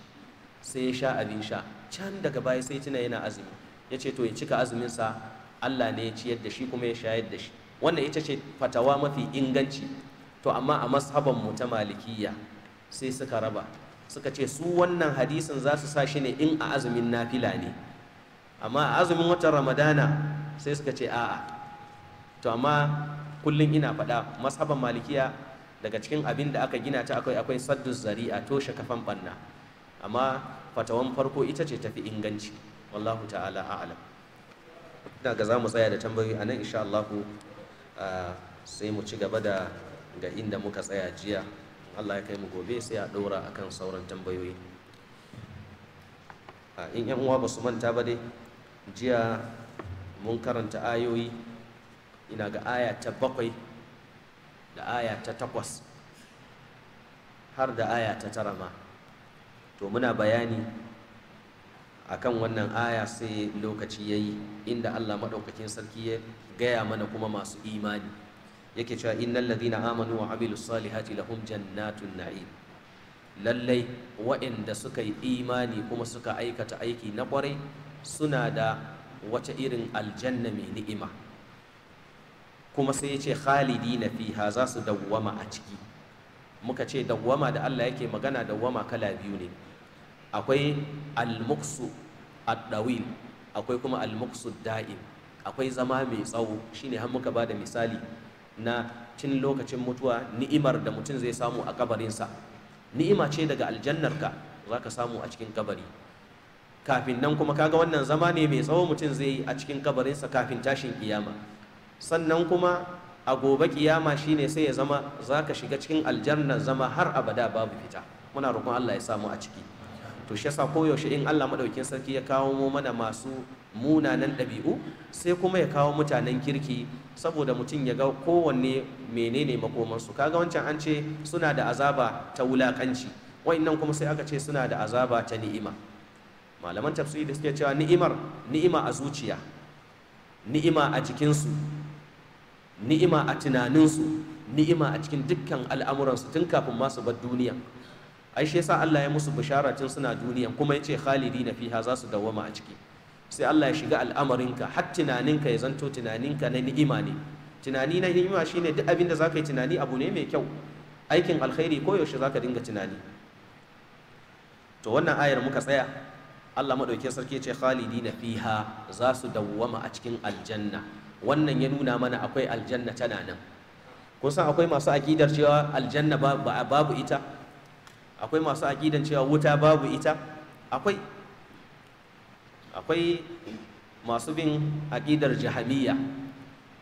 sai ya sha abin sha can daga baya sai tuna yana azumi ya ce to ya cika azuminsa Allah ne ya ciyar da shi kuma ya shayar da shi wannan ita ce fatawa mafi inganci to amma a mashaban mu ta malikiya sai suka raba suka ce su wannan hadisin za su sa shi ne in a azumin nafila ne amma a azumin watan ramadana sai suka ce a'a to amma kullum ina faɗa mashaban malikiya daga cikin abin da aka gina ta akwai akwai saddu zari'a toshe kafan banna. amma fatawan farko ita ce tafi inganci wallahu ta'ala a'lam ina ga za mu tsaya da tambayoyi a nan insha Allah sai mu ci gaba da ga inda muka tsaya jiya Allah ya kai mu gobe sai a ɗora akan sauran tambayoyi in yan uwa ba su manta ba dai jiya mun karanta ayoyi ina ga aya ta bakwai da aya ta takwas har da aya ta tara ma to muna bayani akan wannan aya sai lokaci ya yi inda Allah maɗaukakin sarki ya gaya mana kuma masu imani yake cewa innal ladhina amanu wa amilus salihati lahum jannatun na'im lallai waɗanda suka yi imani kuma suka aikata aiki na kwarai, suna da wata irin aljanna mai ni'ima kuma sai ya ce khalidi na fiha za su dawwama a ciki muka ce dawwama da Allah yake magana dawwama kala biyu ne akwai almuksu addawil akwai kuma almuksu da'in akwai zama mai tsawo shine har muka bada misali na cin lokacin mutuwa ni'imar da mutum zai samu a kabarinsa ni'ima ce daga aljannarka za ka samu a cikin kabari kafin nan kuma kaga wannan zama ne mai tsawo mutum zai yi a cikin kabarinsa kafin tashin kiyama sannan kuma a gobe kiyama shine sai ya zama za ka shiga cikin aljannar zama har abada babu fita muna roƙon Allah ya samu a ciki to shi yasa koyaushe in Allah maɗaukin sarki ya kawo mu mana masu munanan ɗabi'u sai kuma ya kawo mutanen kirki saboda mutum ya ga kowanne menene makomansu kaga wancan an ce suna da azaba ta wulakanci wa'annan kuma sai aka ce suna da azaba ta ni'ima malaman tafsiri da suke cewa ni'imar ni'ima a zuciya ni'ima a jikinsu ni'ima a tunaninsu ni'ima a cikin dukkan al'amuransu tun kafin masu bar duniya ai shi yasa Allah ya musu bishara tun suna duniya kuma yace khalidina fiha za su dawama a ciki sai Allah ya shiga al'amarin ka har tunaninka ya zanto tunaninka na ni'ima ne tunani na ni'ima shine duk abin da zaka yi tunani abu ne mai kyau aikin alkhairi ko yaushe zaka dinga tunani to wannan ayar muka tsaya Allah madauke sarki yace khalidina fiha za su dawwama a cikin aljanna wannan ya nuna mana akwai aljanna tana nan kun san akwai masu akidar cewa aljanna babu ita akwai masu aƙidan cewa wuta babu ita akwai akwai masu bin aƙidar jahamiyya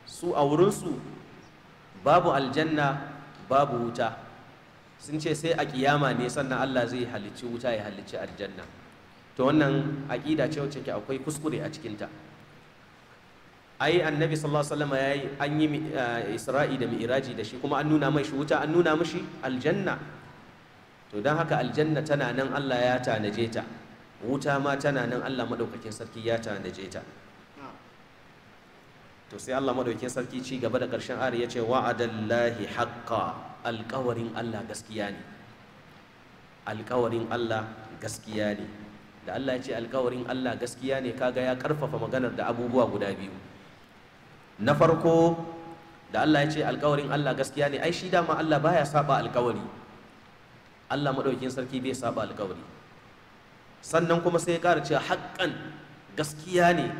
su a wurinsu babu aljanna babu wuta sun ce sai a ƙiyama ne sannan Allah zai halicci wuta ya halicci aljanna to wannan aƙida ce wacce akwai kuskure a cikinta ai annabi sallallahu alaihi wasallam yayi an yi eh, isra'i da mi'raji da shi kuma an nuna mai shi wuta an nuna mishi aljanna to don haka aljanna tana nan Allah ya tanaje ta wuta ma tana nan Allah madaukakin sarki ya tanaje ta to sai Allah madaukakin sarki ci gaba da ƙarshen ari ya ce wa'adallahi haqqa alƙawarin Allah gaskiya ne alƙawarin Allah gaskiya ne da Allah ya ce alƙawarin Allah gaskiya ne kaga ya ƙarfafa maganar da abubuwa guda biyu na farko da Allah ya ce alƙawarin Allah gaskiya ne ai shi dama Allah baya saba alƙawari Allah maɗaukin sarki bai saba alƙawari sannan kuma sai ya ƙara cewa haƙƙan gaskiya ne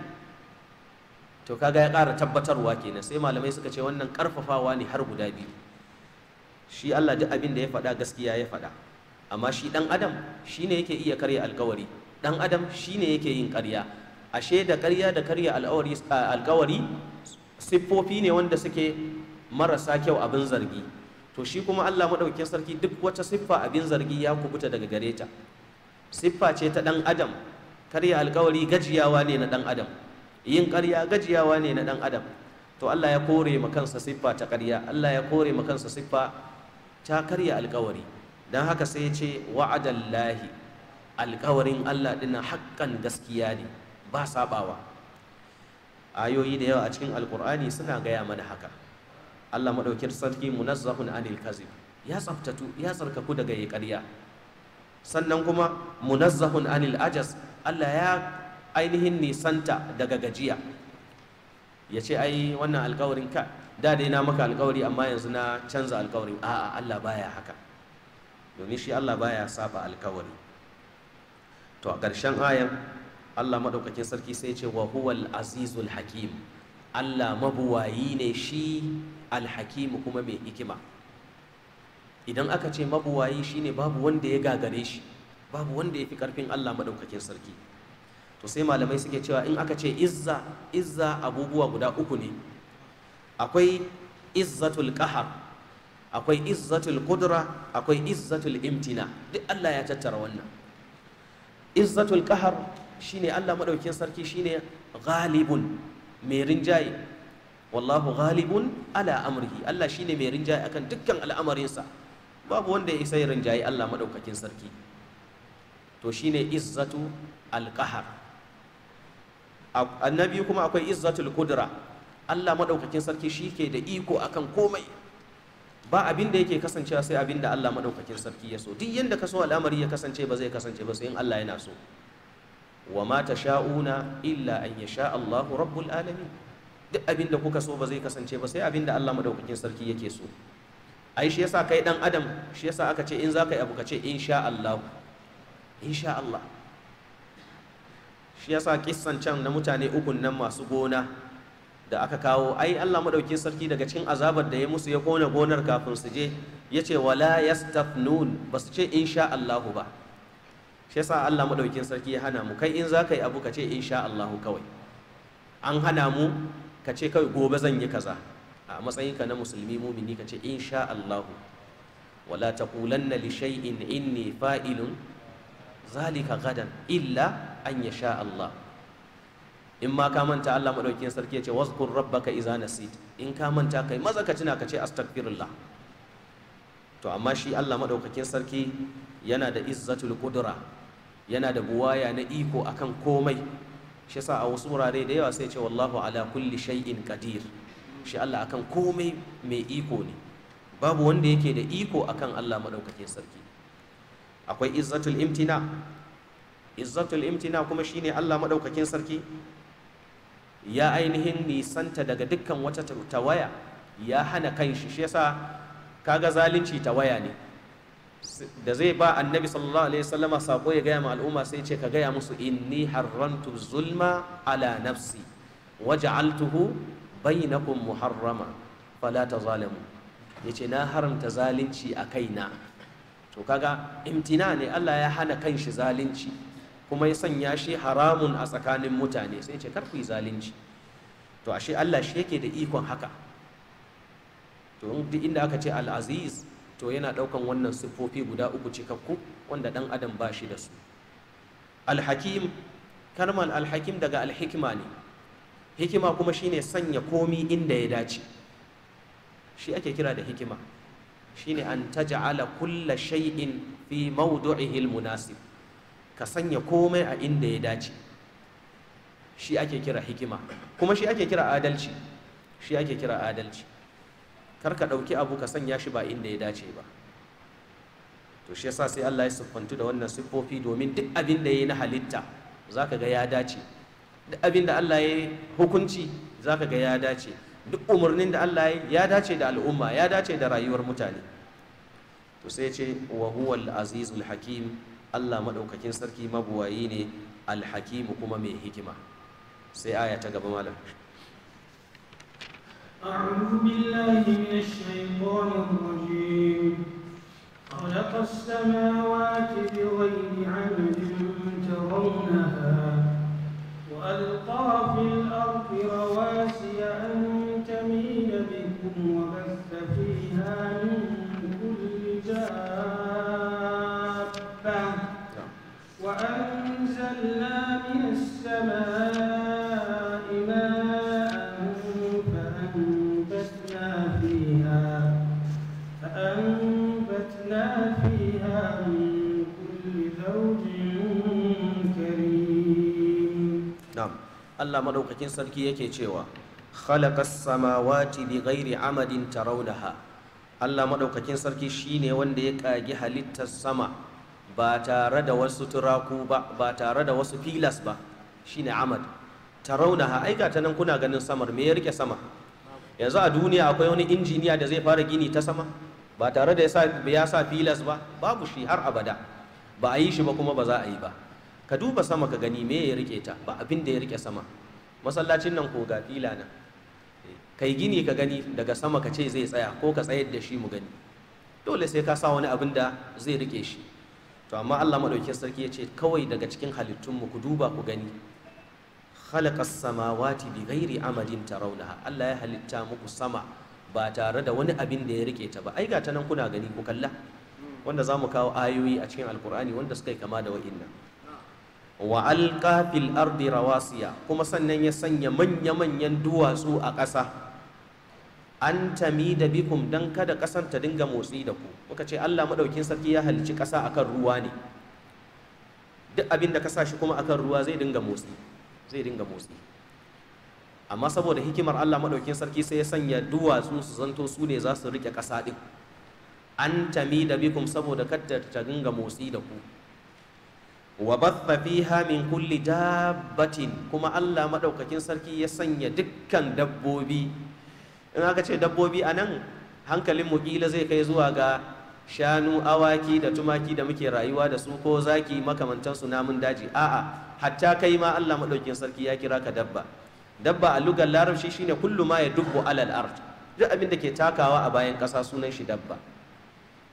to kaga ya ƙara tabbatarwa kenan sai malamai suka ce wannan ƙarfafawa ne har guda biyu shi Allah duk abin da ya faɗa gaskiya ya faɗa amma shi ɗan adam shine yake iya karya alƙawari ɗan adam shine yake yin ƙarya ashe da ƙarya da karya alƙawari siffofi ne wanda suke marasa kyau abin zargi to shi kuma Allah madaukakin sarki duk wata siffa abin zargi ya kubuta daga gare ta siffa ce ta dan adam karya alkawari gajiyawa ne na dan adam yin karya gajiyawa ne na dan adam to Allah ya kore ma kansa siffa ta karya Allah ya kore ma kansa siffa ta karya alkawari dan haka sai ya ce wa'adallahi alkawarin Allah dinnan haƙƙan gaskiya ne ba sabawa ayoyi da yawa a cikin alkur'ani suna gaya mana haka Allah madaukakin sarki munazzahun anil kazib ya tsaftatu ya tsarkaku daga yi ƙarya sannan kuma munazzahun anil ajas Allah ya ainihin nisanta daga gajiya ya ce ai wannan alkawarin ka da dai na maka alkawari amma yanzu na canza alkawarin a'a Allah baya haka domin shi Allah baya saba alkawari to a ƙarshen ayan Allah maɗaukakin sarki sai ce wa huwal azizul hakim Allah mabuwayi ne shi alhakimu kuma mai hikima idan aka ce mabuwayi shine babu wanda ya gagare shi babu wanda ya fi ƙarfin Allah maɗaukakin sarki to sai malamai suke cewa in aka ce izza izza abubuwa guda uku ne akwai izzatul qahar akwai izzatul qudra akwai izzatul imtina duk Allah ya tattara wannan izzatul qahar shine Allah maɗaukin sarki shine ghalibun mai rinjaye wallahu ghalibun ala amrihi Allah shine mai rinjaye akan dukkan al'amarinsa babu wanda ya isa ya rinjaye Allah madaukakin sarki to shine izzatu alqahar annabi kuma akwai izzatul kudra Allah madaukakin sarki shike da iko akan komai ba abin da yake kasancewa sai abin da Allah madaukakin sarki ya so duk yanda ka so al'amari ya kasance ba zai kasance ba sai in Allah yana so wa ma tasha'una illa an yasha Allahu rabbul alamin duk abin da kuka so ba zai kasance ba sai abin da Allah madaukakin sarki yake so ai shi yasa kai dan adam shi yasa aka ce in za ka yi abu ka ce insha Allah insha Allah shi yasa kissan can na mutane ukun nan masu gona da aka kawo ai Allah madaukakin sarki daga cikin azabar da ya musu ya kona gonar kafin su je yace wala yastafnun ba su ce insha Allah ba shi yasa Allah madaukakin sarki ya hana mu kai in za ka yi abu ka ce insha Allah kawai an hana mu ka ce kawai gobe zan yi kaza a matsayinka na musulmi mumini ka ce insha Allahu wala taqulanna li shay'in inni fa'ilun zalika gadan illa an yasha Allah in ma ka manta Allah madaukin sarki ya ce wazkur rabbaka idza nasit in ka manta kai maza ka tuna ka ce astaghfirullah to amma shi Allah madaukakin sarki yana da izzatul qudra yana da buwaya na iko akan komai shi yasa a wasu wurare da yawa sai ce wallahu ala kulli shay'in qadir shi Allah akan komai mai iko ne babu wanda yake da iko akan Allah madaukakin sarki akwai izzatul imtina izzatul imtina kuma shine Allah madaukakin sarki ya ainihin nisanta daga dukkan wata tawaya ya hana kanshi shi yasa kaga zalunci tawaya ne da zai ba annabi sallallahu alaihi wasallama sako ya gaya ma al'umma sai ce ka gaya musu inni harramtu zulma ala nafsi waja'altuhu bainakum muharrama fala tazalimu yace na haramta zalunci a kaina to kaga imtina ne Allah ya hana kan shi zalunci kuma ya sanya shi haramun a tsakanin mutane sai ce kar zalunci to ashe Allah shi yake da ikon haka to duk inda aka ce al-aziz to yana ɗaukan wannan siffofi guda uku cikakku wanda ɗan adam ba shi da su alhakim kalmar alhakim daga alhikima ne hikima kuma shine sanya komi inda ya dace shi ake kira da hikima shine an taj'ala kulla shay'in fi mawdu'ihi almunasib ka sanya komai a inda ya dace shi ake kira hikima kuma shi ake kira adalci shi ake kira adalci kar ka ɗauki abu ka sanya shi ba inda ya dace ba to shi yasa sai Allah ya siffantu da wannan siffofi domin duk abin da yayi na halitta zaka ga ya dace duk abin da Allah ya hukunci zaka ga ya dace duk umarnin da Allah ya ya dace da al'umma ya dace da rayuwar mutane to sai ce wa huwa al-azizul hakim Allah madaukakin sarki mabuwayi ne al-hakim kuma mai hikima sai aya ta gaba malam أعوذ بالله من الشيطان الرجيم خلق السماوات بغير عمد ترونها وألقى في الأرض رواسي أن تميل بكم وبث فيها من كل دابة وأنزلنا من السماء Allah madaukakin sarki yake cewa khalaqas samawati bighairi amadin tarawnaha Allah madaukakin sarki shine wanda ya kagi halittar sama ba tare da wasu turaku ba ba tare da wasu filas ba shine amad tarawnaha ai ga ta nan kuna ganin samar me ya rike sama yanzu a duniya akwai wani injiniya da zai fara gini ta sama ba tare da ya sa filas ba babu shi har abada ba a yi shi ba kuma ba za a yi ba ka duba sama ka gani me ya rike ta ba abin da ya rike sama masallacin nan ko ga fila nan kai gini ka gani daga sama ka ce zai tsaya ko ka tsayar da shi mu gani dole sai ka sa wani abin da zai rike shi to amma Allah madauki sarki ya ce kawai daga cikin halittun mu ku duba ku gani khalaqas samawati bighairi amadin tarawnaha Allah ya halitta muku sama ba tare da wani abin da ya rike ta ba ai ga ta nan kuna gani ku kalla wanda za mu kawo ayoyi a cikin alkur'ani wanda suka yi kama da wa'innan wa alka fil ardi rawasiya kuma sannan ya sanya manya-manyan duwatsu a ƙasa an tami da bikum don kada ƙasar ta dinga motsi da ku muka ce Allah maɗaukin sarki ya halicci ƙasa akan ruwa ne duk abin da ka sa shi kuma akan ruwa zai dinga motsi zai dinga motsi amma saboda hikimar Allah maɗaukin sarki sai ya sanya duwatsu su zanto su ne za su riƙe ƙasa din an tami da bikum saboda kada ta dinga motsi da ku wa fiha min kulli dabbatin kuma Allah madaukakin sarki ya sanya dukkan dabbobi in aka ce dabbobi anan hankalin mu kila zai kai zuwa ga shanu awaki da tumaki da muke rayuwa da su ko zaki makamantan su namun daji a'a hatta kai ma Allah madaukakin sarki ya kira ka dabba dabba a lugar larabci shine kullu ma ya dubbu alal ard duk abin da ke takawa a bayan ƙasa sunan shi dabba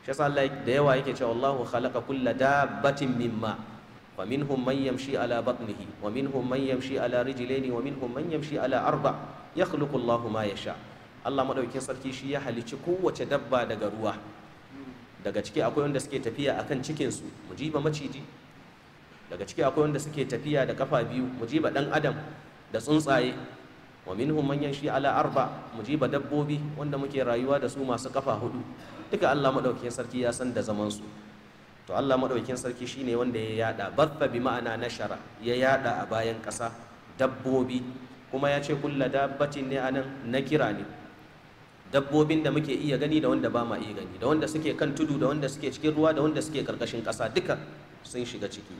shi yasa Allah da yawa yake cewa wallahu khalaqa kulla dabbatin mimma فمنهم من يمشي على بطنه ومنهم من يمشي على رجلين ومنهم من يمشي على أربع يخلق الله ما يشاء Allah madaukakin sarki shi ya halicci kowace dabba daga ruwa daga ciki akwai wanda suke tafiya akan cikin su mujiba maciji daga ciki akwai wanda suke tafiya da kafa biyu mujiba ɗan adam da tsuntsaye wa minhum man yamshi ala arba mujiba dabbobi wanda muke rayuwa da su masu kafa hudu duka Allah madaukakin sarki ya san da zaman su to Allah madaukakin sarki shine wanda ya yada babba bi ma'ana nashara ya yada a bayan ƙasa dabbobi kuma ya ce kulla dabbatin ne anan na kira ne dabbobin da muke iya gani da wanda ba ma iya gani da wanda suke kan tudu da wanda suke cikin ruwa da wanda suke karkashin ƙasa duka sun shiga ciki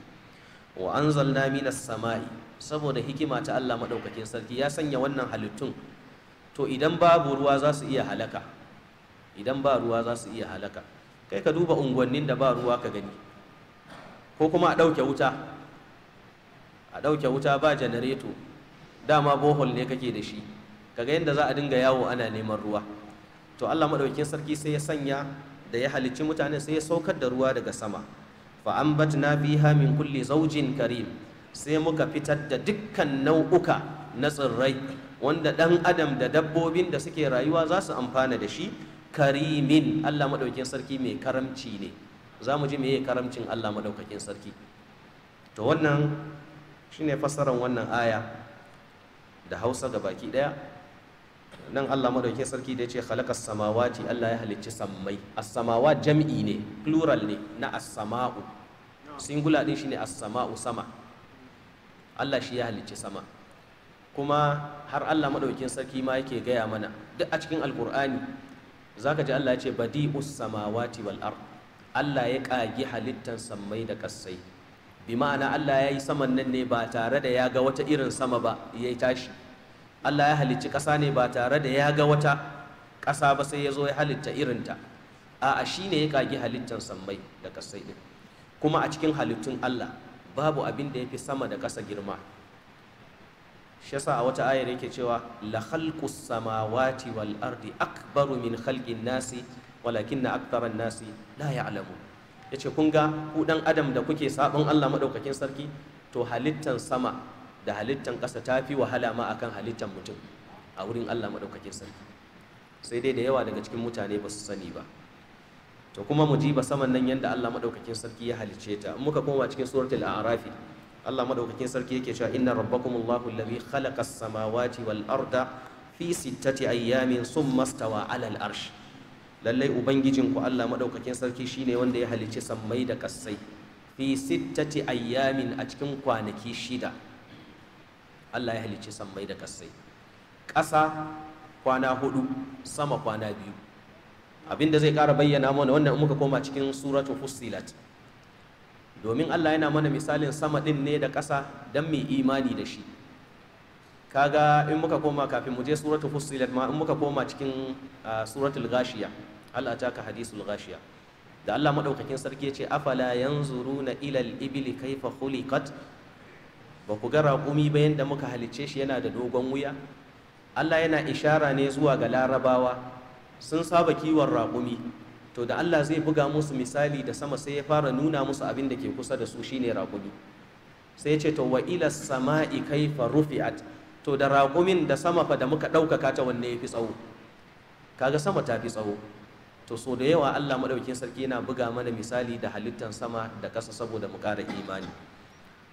wa anzalna minas sama'i saboda hikima ta Allah madaukakin sarki ya sanya wannan halittun to idan babu ruwa za su iya halaka idan ba ruwa za su iya halaka kai ka duba unguwannin da ba ruwa ka gani ko kuma a ɗauke wuta a ɗauke wuta ba janareto dama bohol ne kake da shi kaga yadda za a dinga yawo ana neman ruwa to allah maɗaukin sarki sai ya sanya da ya halicci mutane sai ya saukar da ruwa daga sama fa'ambatna biha min kulle zaujin karim sai muka fitar da dukkan nau'uka na tsirrai wanda ɗan adam da dabbobin da suke rayuwa za su amfana da shi karimin Allah maɗaukin sarki mai karamci ne za mu ji meye karamcin Allah maɗaukakin sarki to wannan shine fassarar wannan aya da hausa ga baki ɗaya nan Allah maɗaukin sarki da ya ce khalakas samawati Allah ya halicci sammai as-samawa jam'i ne plural ne na as-sama'u singular din shine as-sama'u sama Allah shi ya halicci sama kuma har Allah maɗaukin sarki ma yake gaya mana duk a cikin alkur'ani zaka ji Allah ya ce badi'us samawati wal ard Allah ya kagi halittan sammai da kassai bi ma'ana Allah ya yi saman nan ne ba tare da ya ga wata irin sama ba ya tashi Allah ya halicci ƙasa ne ba tare da ya ga wata ƙasa ba sai ya zo ya halitta irinta a shi ne ya kagi halittan sammai da kasai kuma a cikin halittun Allah babu abin da ya fi sama da ƙasa girma shi yasa a wata ayar yake cewa la khalqus samawati wal ardi akbaru min khalqin nasi walakinna aktharan nasi la ya'lamun yace kun ga ku dan adam da kuke sabon Allah madaukakin sarki to halittan sama da halittan ƙasa ta fi wahala ma akan halittan mutum a wurin Allah madaukakin sarki sai dai da yawa daga cikin mutane ba su sani ba to kuma mu ji ba saman nan yanda Allah madaukakin sarki ya halicce ta in muka koma cikin suratul a'rafi Allah madaukakin sarki yake cewa inna rabbakumullahu allazi khalaqas samawati wal arda fi sittati ayyamin thumma stawa ala al-arsh lallai ubangijin ku Allah madaukakin sarki shine wanda ya halicci samai da kassai fi sittati ayyamin a cikin kwanaki shida Allah ya halicci sammai da kassai ƙasa kwana hudu sama kwana biyu abinda zai ƙara bayyana mana wannan muka koma cikin suratul fussilat domin Allah yana mana misalin sama ɗin ne da ƙasa don mai imani da shi kaga in muka koma kafin mu je suratul fussilat ma in muka koma cikin suratul ghashiya Allah ta ka hadisul ghashiya da Allah madaukakin sarki yace afala yanzuruna ila al-ibli kaifa khuliqat ba ku ga raƙumi ba yanda muka halicce shi yana da dogon wuya Allah yana ishara ne zuwa ga larabawa sun saba kiwon raƙumi to da Allah zai buga musu misali da sama sai ya fara nuna musu abin da ke kusa da su shine raƙumi sai ya ce to wa ila sama'i kaifa rufi'at to da raƙumin da sama fa da muka ɗaukaka ta wanne ya fi tsawo kaga sama ta fi tsawo to so da yawa Allah madaukin sarki yana buga mana misali da halittan sama da ƙasa saboda mu ƙara imani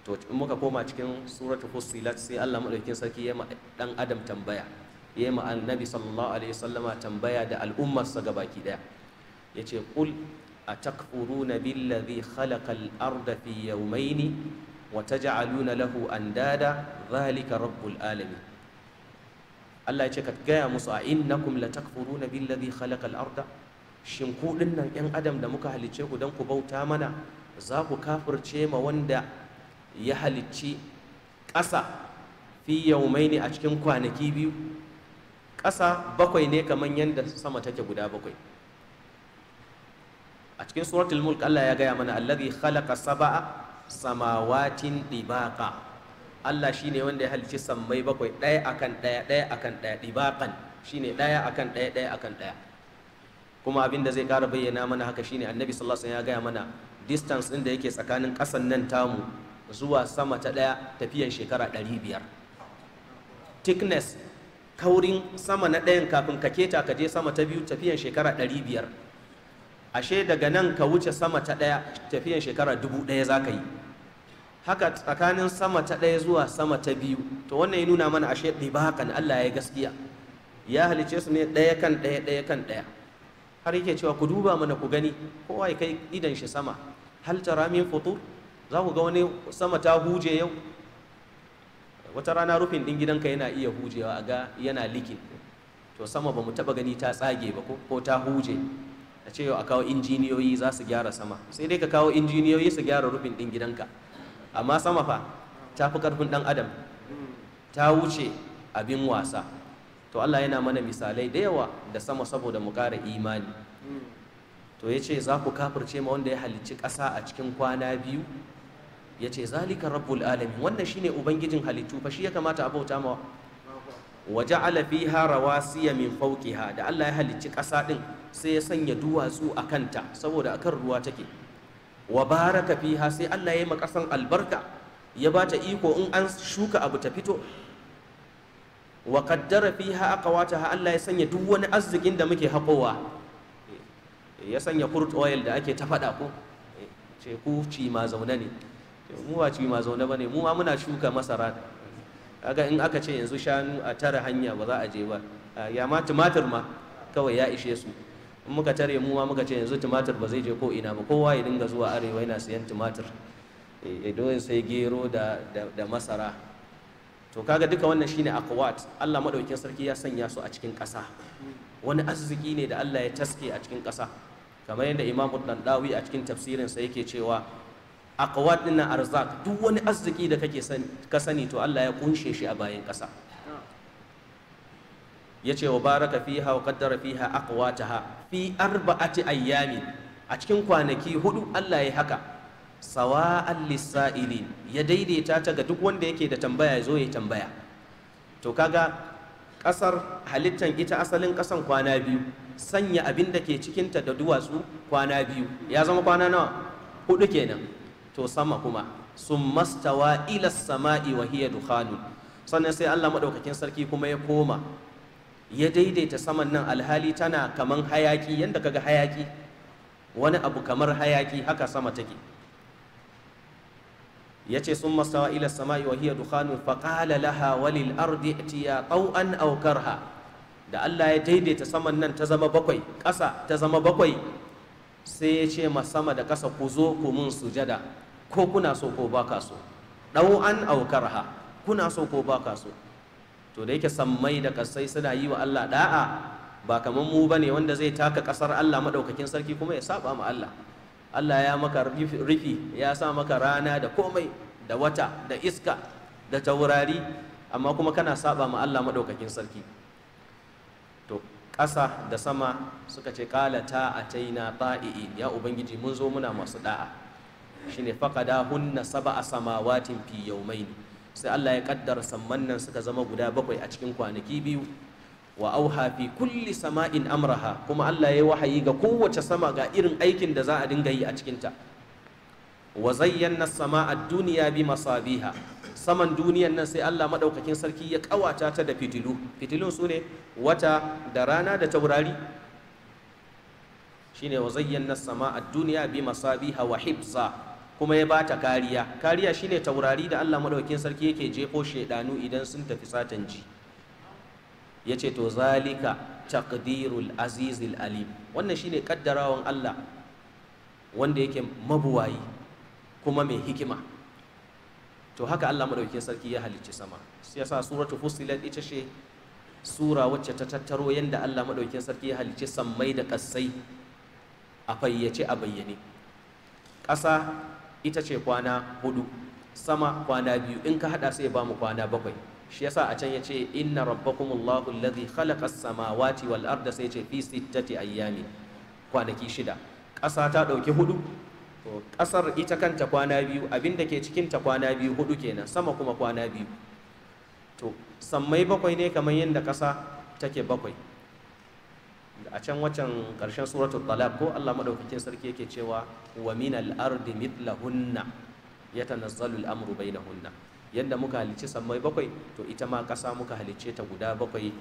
to in muka koma cikin suratu fussilat sai Allah madaukin sarki ya ma dan adam tambaya ya ma annabi sallallahu alaihi wasallama tambaya da al'ummarsa gabaki ɗaya. yace ce ƙul a takfuruna billazi khalaqal arda fi yawmaini wa taj'aluna lahu andada zalika rabbul alamin Allah yace ce ka gaya musu a innakum latakfuruna billazi khalaqal arda shin ku dinnan yan adam da muka halicce ku dan ku bauta mana za ku kafirce ma wanda ya halicci ƙasa fi a cikin kwanaki biyu ƙasa bakwai ne kamar yadda sama take guda bakwai a cikin suratul mulk Allah ya gaya mana allazi khalaqa sab'a samawatin dibaqa Allah shine wanda ya halicci sammai bakwai daya akan daya daya akan daya dibaqan shine daya akan daya daya akan daya. kuma abin da zai kara bayyana mana haka shine annabi sallallahu alaihi wasallam ya gaya mana distance ɗin da yake tsakanin kasan nan tamu zuwa sama ta daya tafiyan shekara 500. thickness kaurin sama na ɗayan kafin ka keta ka je sama ta biyu tafiyan shekara 500. ashe daga nan ka wuce sama ta ɗaya tafiyan shekara dubu ɗaya za ka yi haka tsakanin sama ta ɗaya zuwa sama ta biyu to wannan ya nuna mana ashe ɗibakan Allah ya yi gaskiya ya halice su ne ɗaya kan ɗaya ɗaya kan ɗaya har yake cewa ku duba mana ku gani kowa ya kai idan shi sama hal tara min futur za ku ga wani sama ta huje yau wata rana rufin ɗin gidanka yana iya hujewa a ga yana likin to sama ba mu taɓa gani ta tsage ba ko ta huje a ce yau a kawo injiniyoyi za su gyara sama sai dai ka kawo injiniyoyi su gyara rufin din gidanka amma sama fa ta fi ƙarfin dan adam ta wuce abin wasa to Allah yana mana misalai da yawa da sama saboda mu kare imani to ya ce za ku kafirce ma wanda ya halicci ƙasa a cikin kwana biyu yace ce zalika rabbul alamin wannan shine ubangijin halittu fa shi ya kamata a bauta mawa waje alafiha siya min fauƙiha da Allah ya halicci ƙasa ɗin sai ya sanya duwatsu a kanta saboda kan ruwa take wa baraka fiha sai Allah ya yi ƙasan albarka ya ba ta iko in an shuka abu ta fito wa aka fiha ha Allah ya sanya duk wani arzikin da muke haƙowa ya sanya crude oil da ake ta faɗa ko eh, ce ku ci ma zaune ne mu ba ci ma zaune bane mu ma muna shuka masara kaga in aka ce yanzu shanu a tara hanya ba za a je ba ya ma tumatir ma kawai ya ishe su in muka tare mu ma muka ce yanzu tumatir ba zai je ko ina ba kowa ya dinga zuwa arewa yana siyan tumatir idan eh, eh, sai gero da da masara to kaga duka wannan shine akwat Allah madaukin sarki ya sanya su a cikin ƙasa wani arziki ne da Allah ya taske a cikin ƙasa kamar yadda imamu Dandawi a cikin tafsirin sa yake cewa a din arzak duk wani arziki da kake sani ka sani to Allah ya kunshe shi a bayan ƙasa ce wa baraka fiha wa qaddara fiha aqwataha fi arba'ati ayyami a cikin kwanaki hudu Allah ya haka sawa'an ili ya daidaita ta ga duk wanda yake da tambaya ya zo ya tambaya to kaga kasar halittar ita asalin kasan kwana biyu sanya abin da ke cikinta da duwatsu kwana biyu ya zama kwana nawa hudu kenan to sama kuma sun mastawa ila sama'i wa hiya dukhanu sannan sai Allah madaukakin sarki kuma ya koma ya daidaita saman nan alhali tana kaman hayaki yanda kaga hayaki wani abu kamar hayaki haka sama take yace sun mastawa ila sama'i wa hiya dukhanu faqala laha walil ardi atiya taw'an aw karha da Allah ya daidaita saman nan ta zama bakwai ƙasa ta zama bakwai sai ya ce ma sama da ƙasa ku zo ku mun sujada ko kuna so ko baka so ɗau an aukarha kuna so ko baka so to da yake sammai da kasai suna yi wa Allah da'a ba kamar mu bane wanda zai taka kasar Allah madaukakin sarki kuma ya saba ma Allah Allah ya maka rufi ya sa maka rana da komai da wata da iska da taurari amma kuma kana saba ma Allah madaukakin sarki to kasa da sama suka ce qalata ta ataina ta'i ya ubangiji mun zo muna masu da'a shine faqada hunna sab'a samawatin fi yawmayn sai Allah ya kaddara samman nan suka zama guda bakwai a cikin kwanaki biyu wa auha fi kulli sama'in amraha kuma Allah ya yi wahayi ga kowace sama ga irin aikin da za a dinga yi a cikin ta wa zayyana sama'a duniya bi masabiha saman duniyan nan sai Allah madaukakin sarki ya kawata ta da fitilu fitilun su ne wata da rana da taurari shine wa zayyana sama'a duniya bi masabiha wa hibza kuma ya bata kariya kariya shine taurari da Allah madaukakin sarki yake jefo shedanu idan sun tafi satan ji yace to zalika taqdirul azizil alim wannan shine kaddarawan Allah wanda yake mabuwayi kuma mai hikima to haka Allah madaukakin sarki ya halicci sama Ya yasa suratu fussilat ita ce sura wacce ta tattaro yanda Allah madaukakin sarki ya halicci sammai da kassai a fayyace a bayyane ƙasa ita ce kwana hudu sama kwana biyu in ka hada sai ba mu kwana bakwai shi yasa a can ya yace inna rabbakumullahu allazi khalaqa as-samawati wal arda sai ce fi sittati ayyami kwanaki shida ƙasa ta ɗauki hudu to ƙasar ita kanta kwana biyu abinda ke cikin ta kwana biyu hudu kenan sama kuma kwana biyu to sammai bakwai ne kamar yadda ƙasa take bakwai a can waccan ƙarshen suratul talab ko Allah madaukakin sarki yake cewa wa al ardi mithlahunna yatanazzalu al-amru bainahunna yadda muka halicci samai bakwai to ita ma kasa muka halicce ta guda bakwai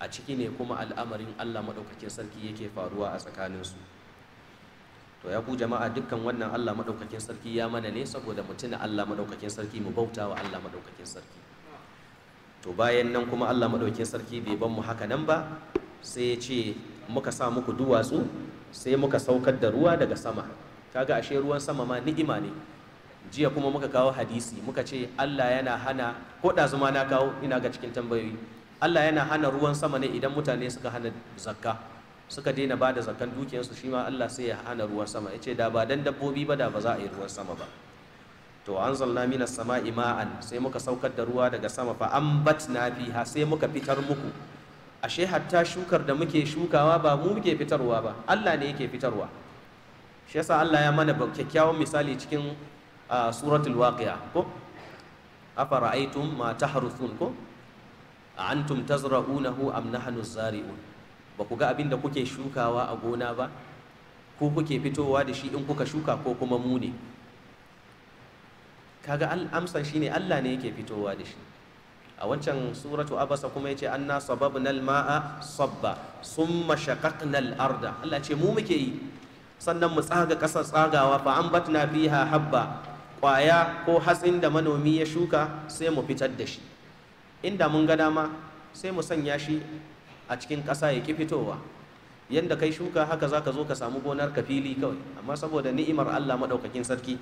a ciki ne kuma al'amarin Allah madaukakin sarki yake faruwa a tsakaninsu to ya ku jama'a dukkan wannan Allah madaukakin sarki ya mana ne saboda mutuna Allah madaukakin sarki mu bauta wa Allah madaukakin sarki to bayan nan kuma Allah madaukakin sarki bai ban mu haka nan ba sai ya ce muka sa muku duwatsu sai muka saukar da ruwa daga sama kaga ashe ruwan sama ma ni'ima ne jiya kuma muka kawo hadisi muka ce Allah yana hana ko zuma na kawo ina ga cikin tambayoyi Allah yana hana ruwan sama ne idan mutane suka hana zakka suka daina bada zakkan dukiyarsu shi ma Allah sai ya hana ruwan sama yace da ba dan dabbobi ba da ba za a yi ruwan sama ba to anzalna minas sama'i ma'an sai muka saukar da ruwa daga sama fa ambatna fiha sai muka fitar muku ashe hatta shukar da muke shukawa ba mu muke fitarwa ba Allah ne yake fitarwa shi yasa Allah ya mana kyakkyawan misali cikin suratul waqi'a ko afara'aytum ma tahrusun ko antum tazra'unahu am nahnu zari'un ba ku ga abin da kuke shukawa a gona ba ko kuke fitowa da shi in kuka shuka ko kuma mu ne kaga amsan shine Allah ne yake fitowa da shi a wancan suratu abasa kuma ya yace anna sababna ma'a sabba summa shaqaqna arda Allah ce mu muke yi sannan mu tsaga kasar tsagawa fa ambatna fiha habba ƙwaya ko hatsin da manomi ya shuka sai mu fitar da shi inda mun ga dama sai mu sanya shi a cikin ƙasa ya ki fitowa yanda kai shuka haka zaka zo ka samu gonar ka fili kawai amma saboda ni'imar Allah maɗaukakin sarki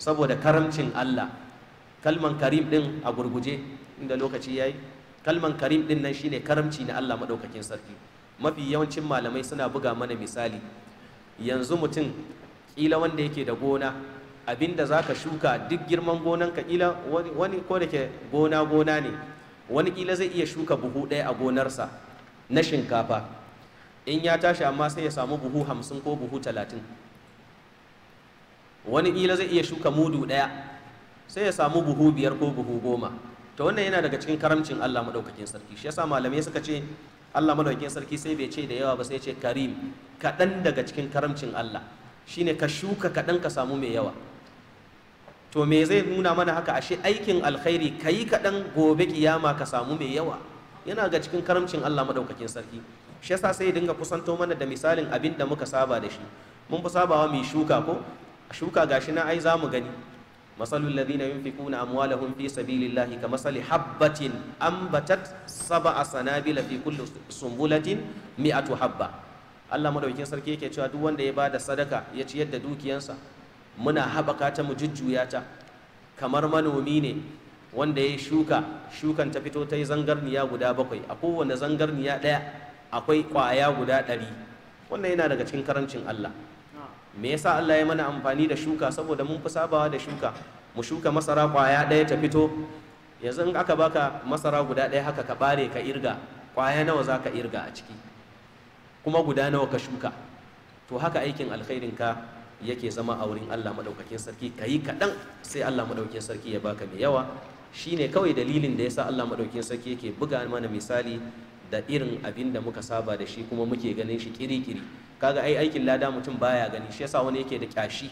saboda karamcin Allah kalman karim din a gurguje inda lokaci yayi kalman karim din nan shine karamci na Allah madaukakin sarki mafi yawancin malamai suna buga mana misali yanzu mutum kila wanda yake da gona abinda zaka shuka duk girman gonan ka kila wani ko da ke gona gona ne wani kila zai iya shuka buhu ɗaya a gonarsa na shinkafa in ya tashi amma sai ya samu buhu hamsin ko buhu talatin wani kila zai iya shuka mudu ɗaya sai ya samu buhu biyar ko buhu goma to wannan yana daga cikin karamcin Allah madaukakin sarki shi yasa malamai suka ce Allah madaukakin sarki sai bai ce da yawa ba sai ce karim kadan daga cikin karamcin Allah shine ka shuka kadan ka samu mai yawa to me zai nuna mana haka ashe aikin alkhairi kayi kadan gobe kiyama ka samu mai yawa yana ga cikin karamcin Allah madaukakin sarki shi yasa sai dinga kusanto mana da misalin abin da muka saba da shi mun fi sabawa mai shuka ko a shuka gashi na ai za mu gani masalul ladina na amwalahum fi sabilillahi kamasali habbatin ambatat sab'a sanabila fi kulli sumbulatin mi'atu habba Allah madaukakin sarki yake cewa duk wanda ya bada sadaka ya ciyar da dukiyansa muna haɓaka ta mu jujjuya ta kamar manomi ne wanda ya shuka shukan ta fito ta yi zangarniya guda bakwai a kowane zangarniya ɗaya akwai ƙwaya guda ɗari wannan yana daga cikin karancin Allah me yasa Allah ya mana amfani da shuka saboda mun fi sabawa da shuka mu shuka masara kwaya ɗaya ta fito yanzu in aka baka masara guda ɗaya haka ka bare ka irga kwaya nawa za ka irga a ciki kuma guda nawa ka shuka to haka aikin alkhairin ka yake zama a wurin Allah maɗaukakin sarki ka yi kaɗan sai Allah madaukakin sarki ya baka mai yawa shine kawai dalilin da yasa Allah madaukakin sarki yake buga mana misali da irin abin da muka saba da shi kuma muke ganin shi kiri-kiri kaga ai aikin lada mutum baya gani shi yasa wani yake da kyashi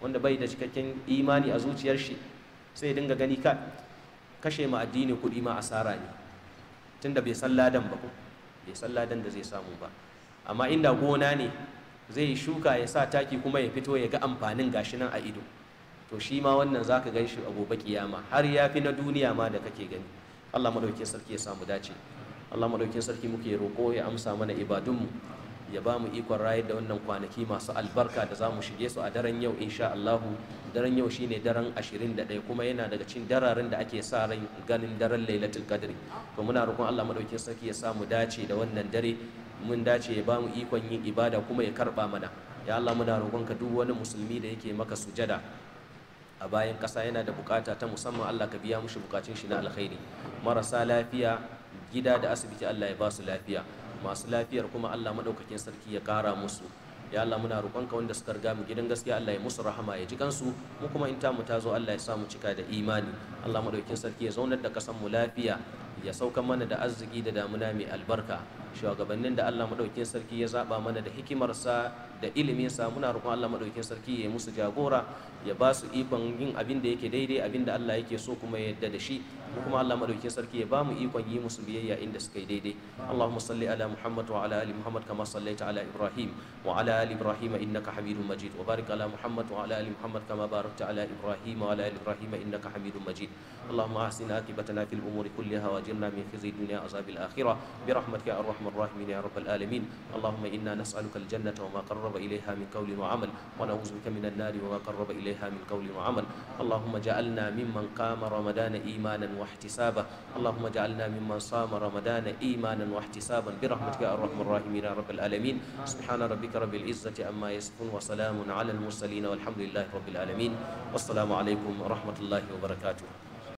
wanda bai da cikakken imani a zuciyar shi sai dinga gani ka kashe ma addini kuɗi ma asara ne tunda bai san ladan ba ko bai san ladan da zai samu ba amma inda gona ne zai shuka ya sa taki kuma ya fito ya ga amfanin gashi nan a ido to shi ma wannan zaka gan shi a gobe kiyama har ya fi na duniya ma da kake gani Allah madauke sarki ya samu dace Allah madaukin sarki muke roƙo ya amsa mana ibadunmu ya ba mu ikon rayar da wannan kwanaki masu albarka da za mu shige su a daren yau insha Allahu daren yau shine daren 21 kuma yana daga cikin dararen da ake sa ran ganin daren Lailatul Qadr to muna roƙon Allah madaukin sarki ya sa mu dace da wannan dare mun dace ya ba mu ikon yin ibada kuma ya karba mana ya Allah muna ka duk wani musulmi da yake maka sujada a bayan ƙasa yana da bukata ta musamman Allah ka biya mushi bukatun shi na alkhairi marasa lafiya gida da asibiti Allah ya ba su lafiya masu lafiyar kuma Allah madaukakin sarki ya kara musu ya Allah muna roƙonka wanda suka riga mu gidan gaskiya Allah ya musu rahama ya ji kansu mu kuma in ta mu ta zo Allah ya sa mu cika da imani Allah madaukakin sarki ya zaunar da kasan mu lafiya ya sauka mana da arziki da damuna mai albarka shugabannin da Allah madaukakin sarki ya zaba mana da hikimarsa da ilimin sa muna roƙon Allah madaukakin sarki ya musu jagora ya ba su ikon yin abin da yake daidai abin da Allah yake so kuma ya yarda da shi kuma Allah madaukakin sarki ya bamu ikon yi musu biyayya inda suka yi daidai Allahumma salli ala Muhammad wa ala ali Muhammad kama sallaita ala Ibrahim wa ala ali Ibrahim innaka Hamidum Majid wa barik ala Muhammad wa ala ali Muhammad kama barakta ala Ibrahim wa ala ali Ibrahim innaka Hamidum Majid Allahumma ahsin akibatana fil umuri kulliha wajirna min khizyi dunya azabil akhirah bi rahmatika ya arhamar rahimin ya rabbal alamin Allahumma inna nas'aluka al jannata wa ma qarraba ilayha min qawlin wa amal wa na'udzu bika min an-nar wa ma qarraba ilayha min qawlin wa amal Allahumma ja'alna mimman qama ramadana imanan واحتسابا اللهم اجعلنا ممن صام رمضان إيمانا واحتسابا برحمتك يا أرحم الراحمين يا رب العالمين سبحان ربك رب العزة عما يصفون وسلام على المرسلين والحمد لله رب العالمين والسلام عليكم ورحمة الله وبركاته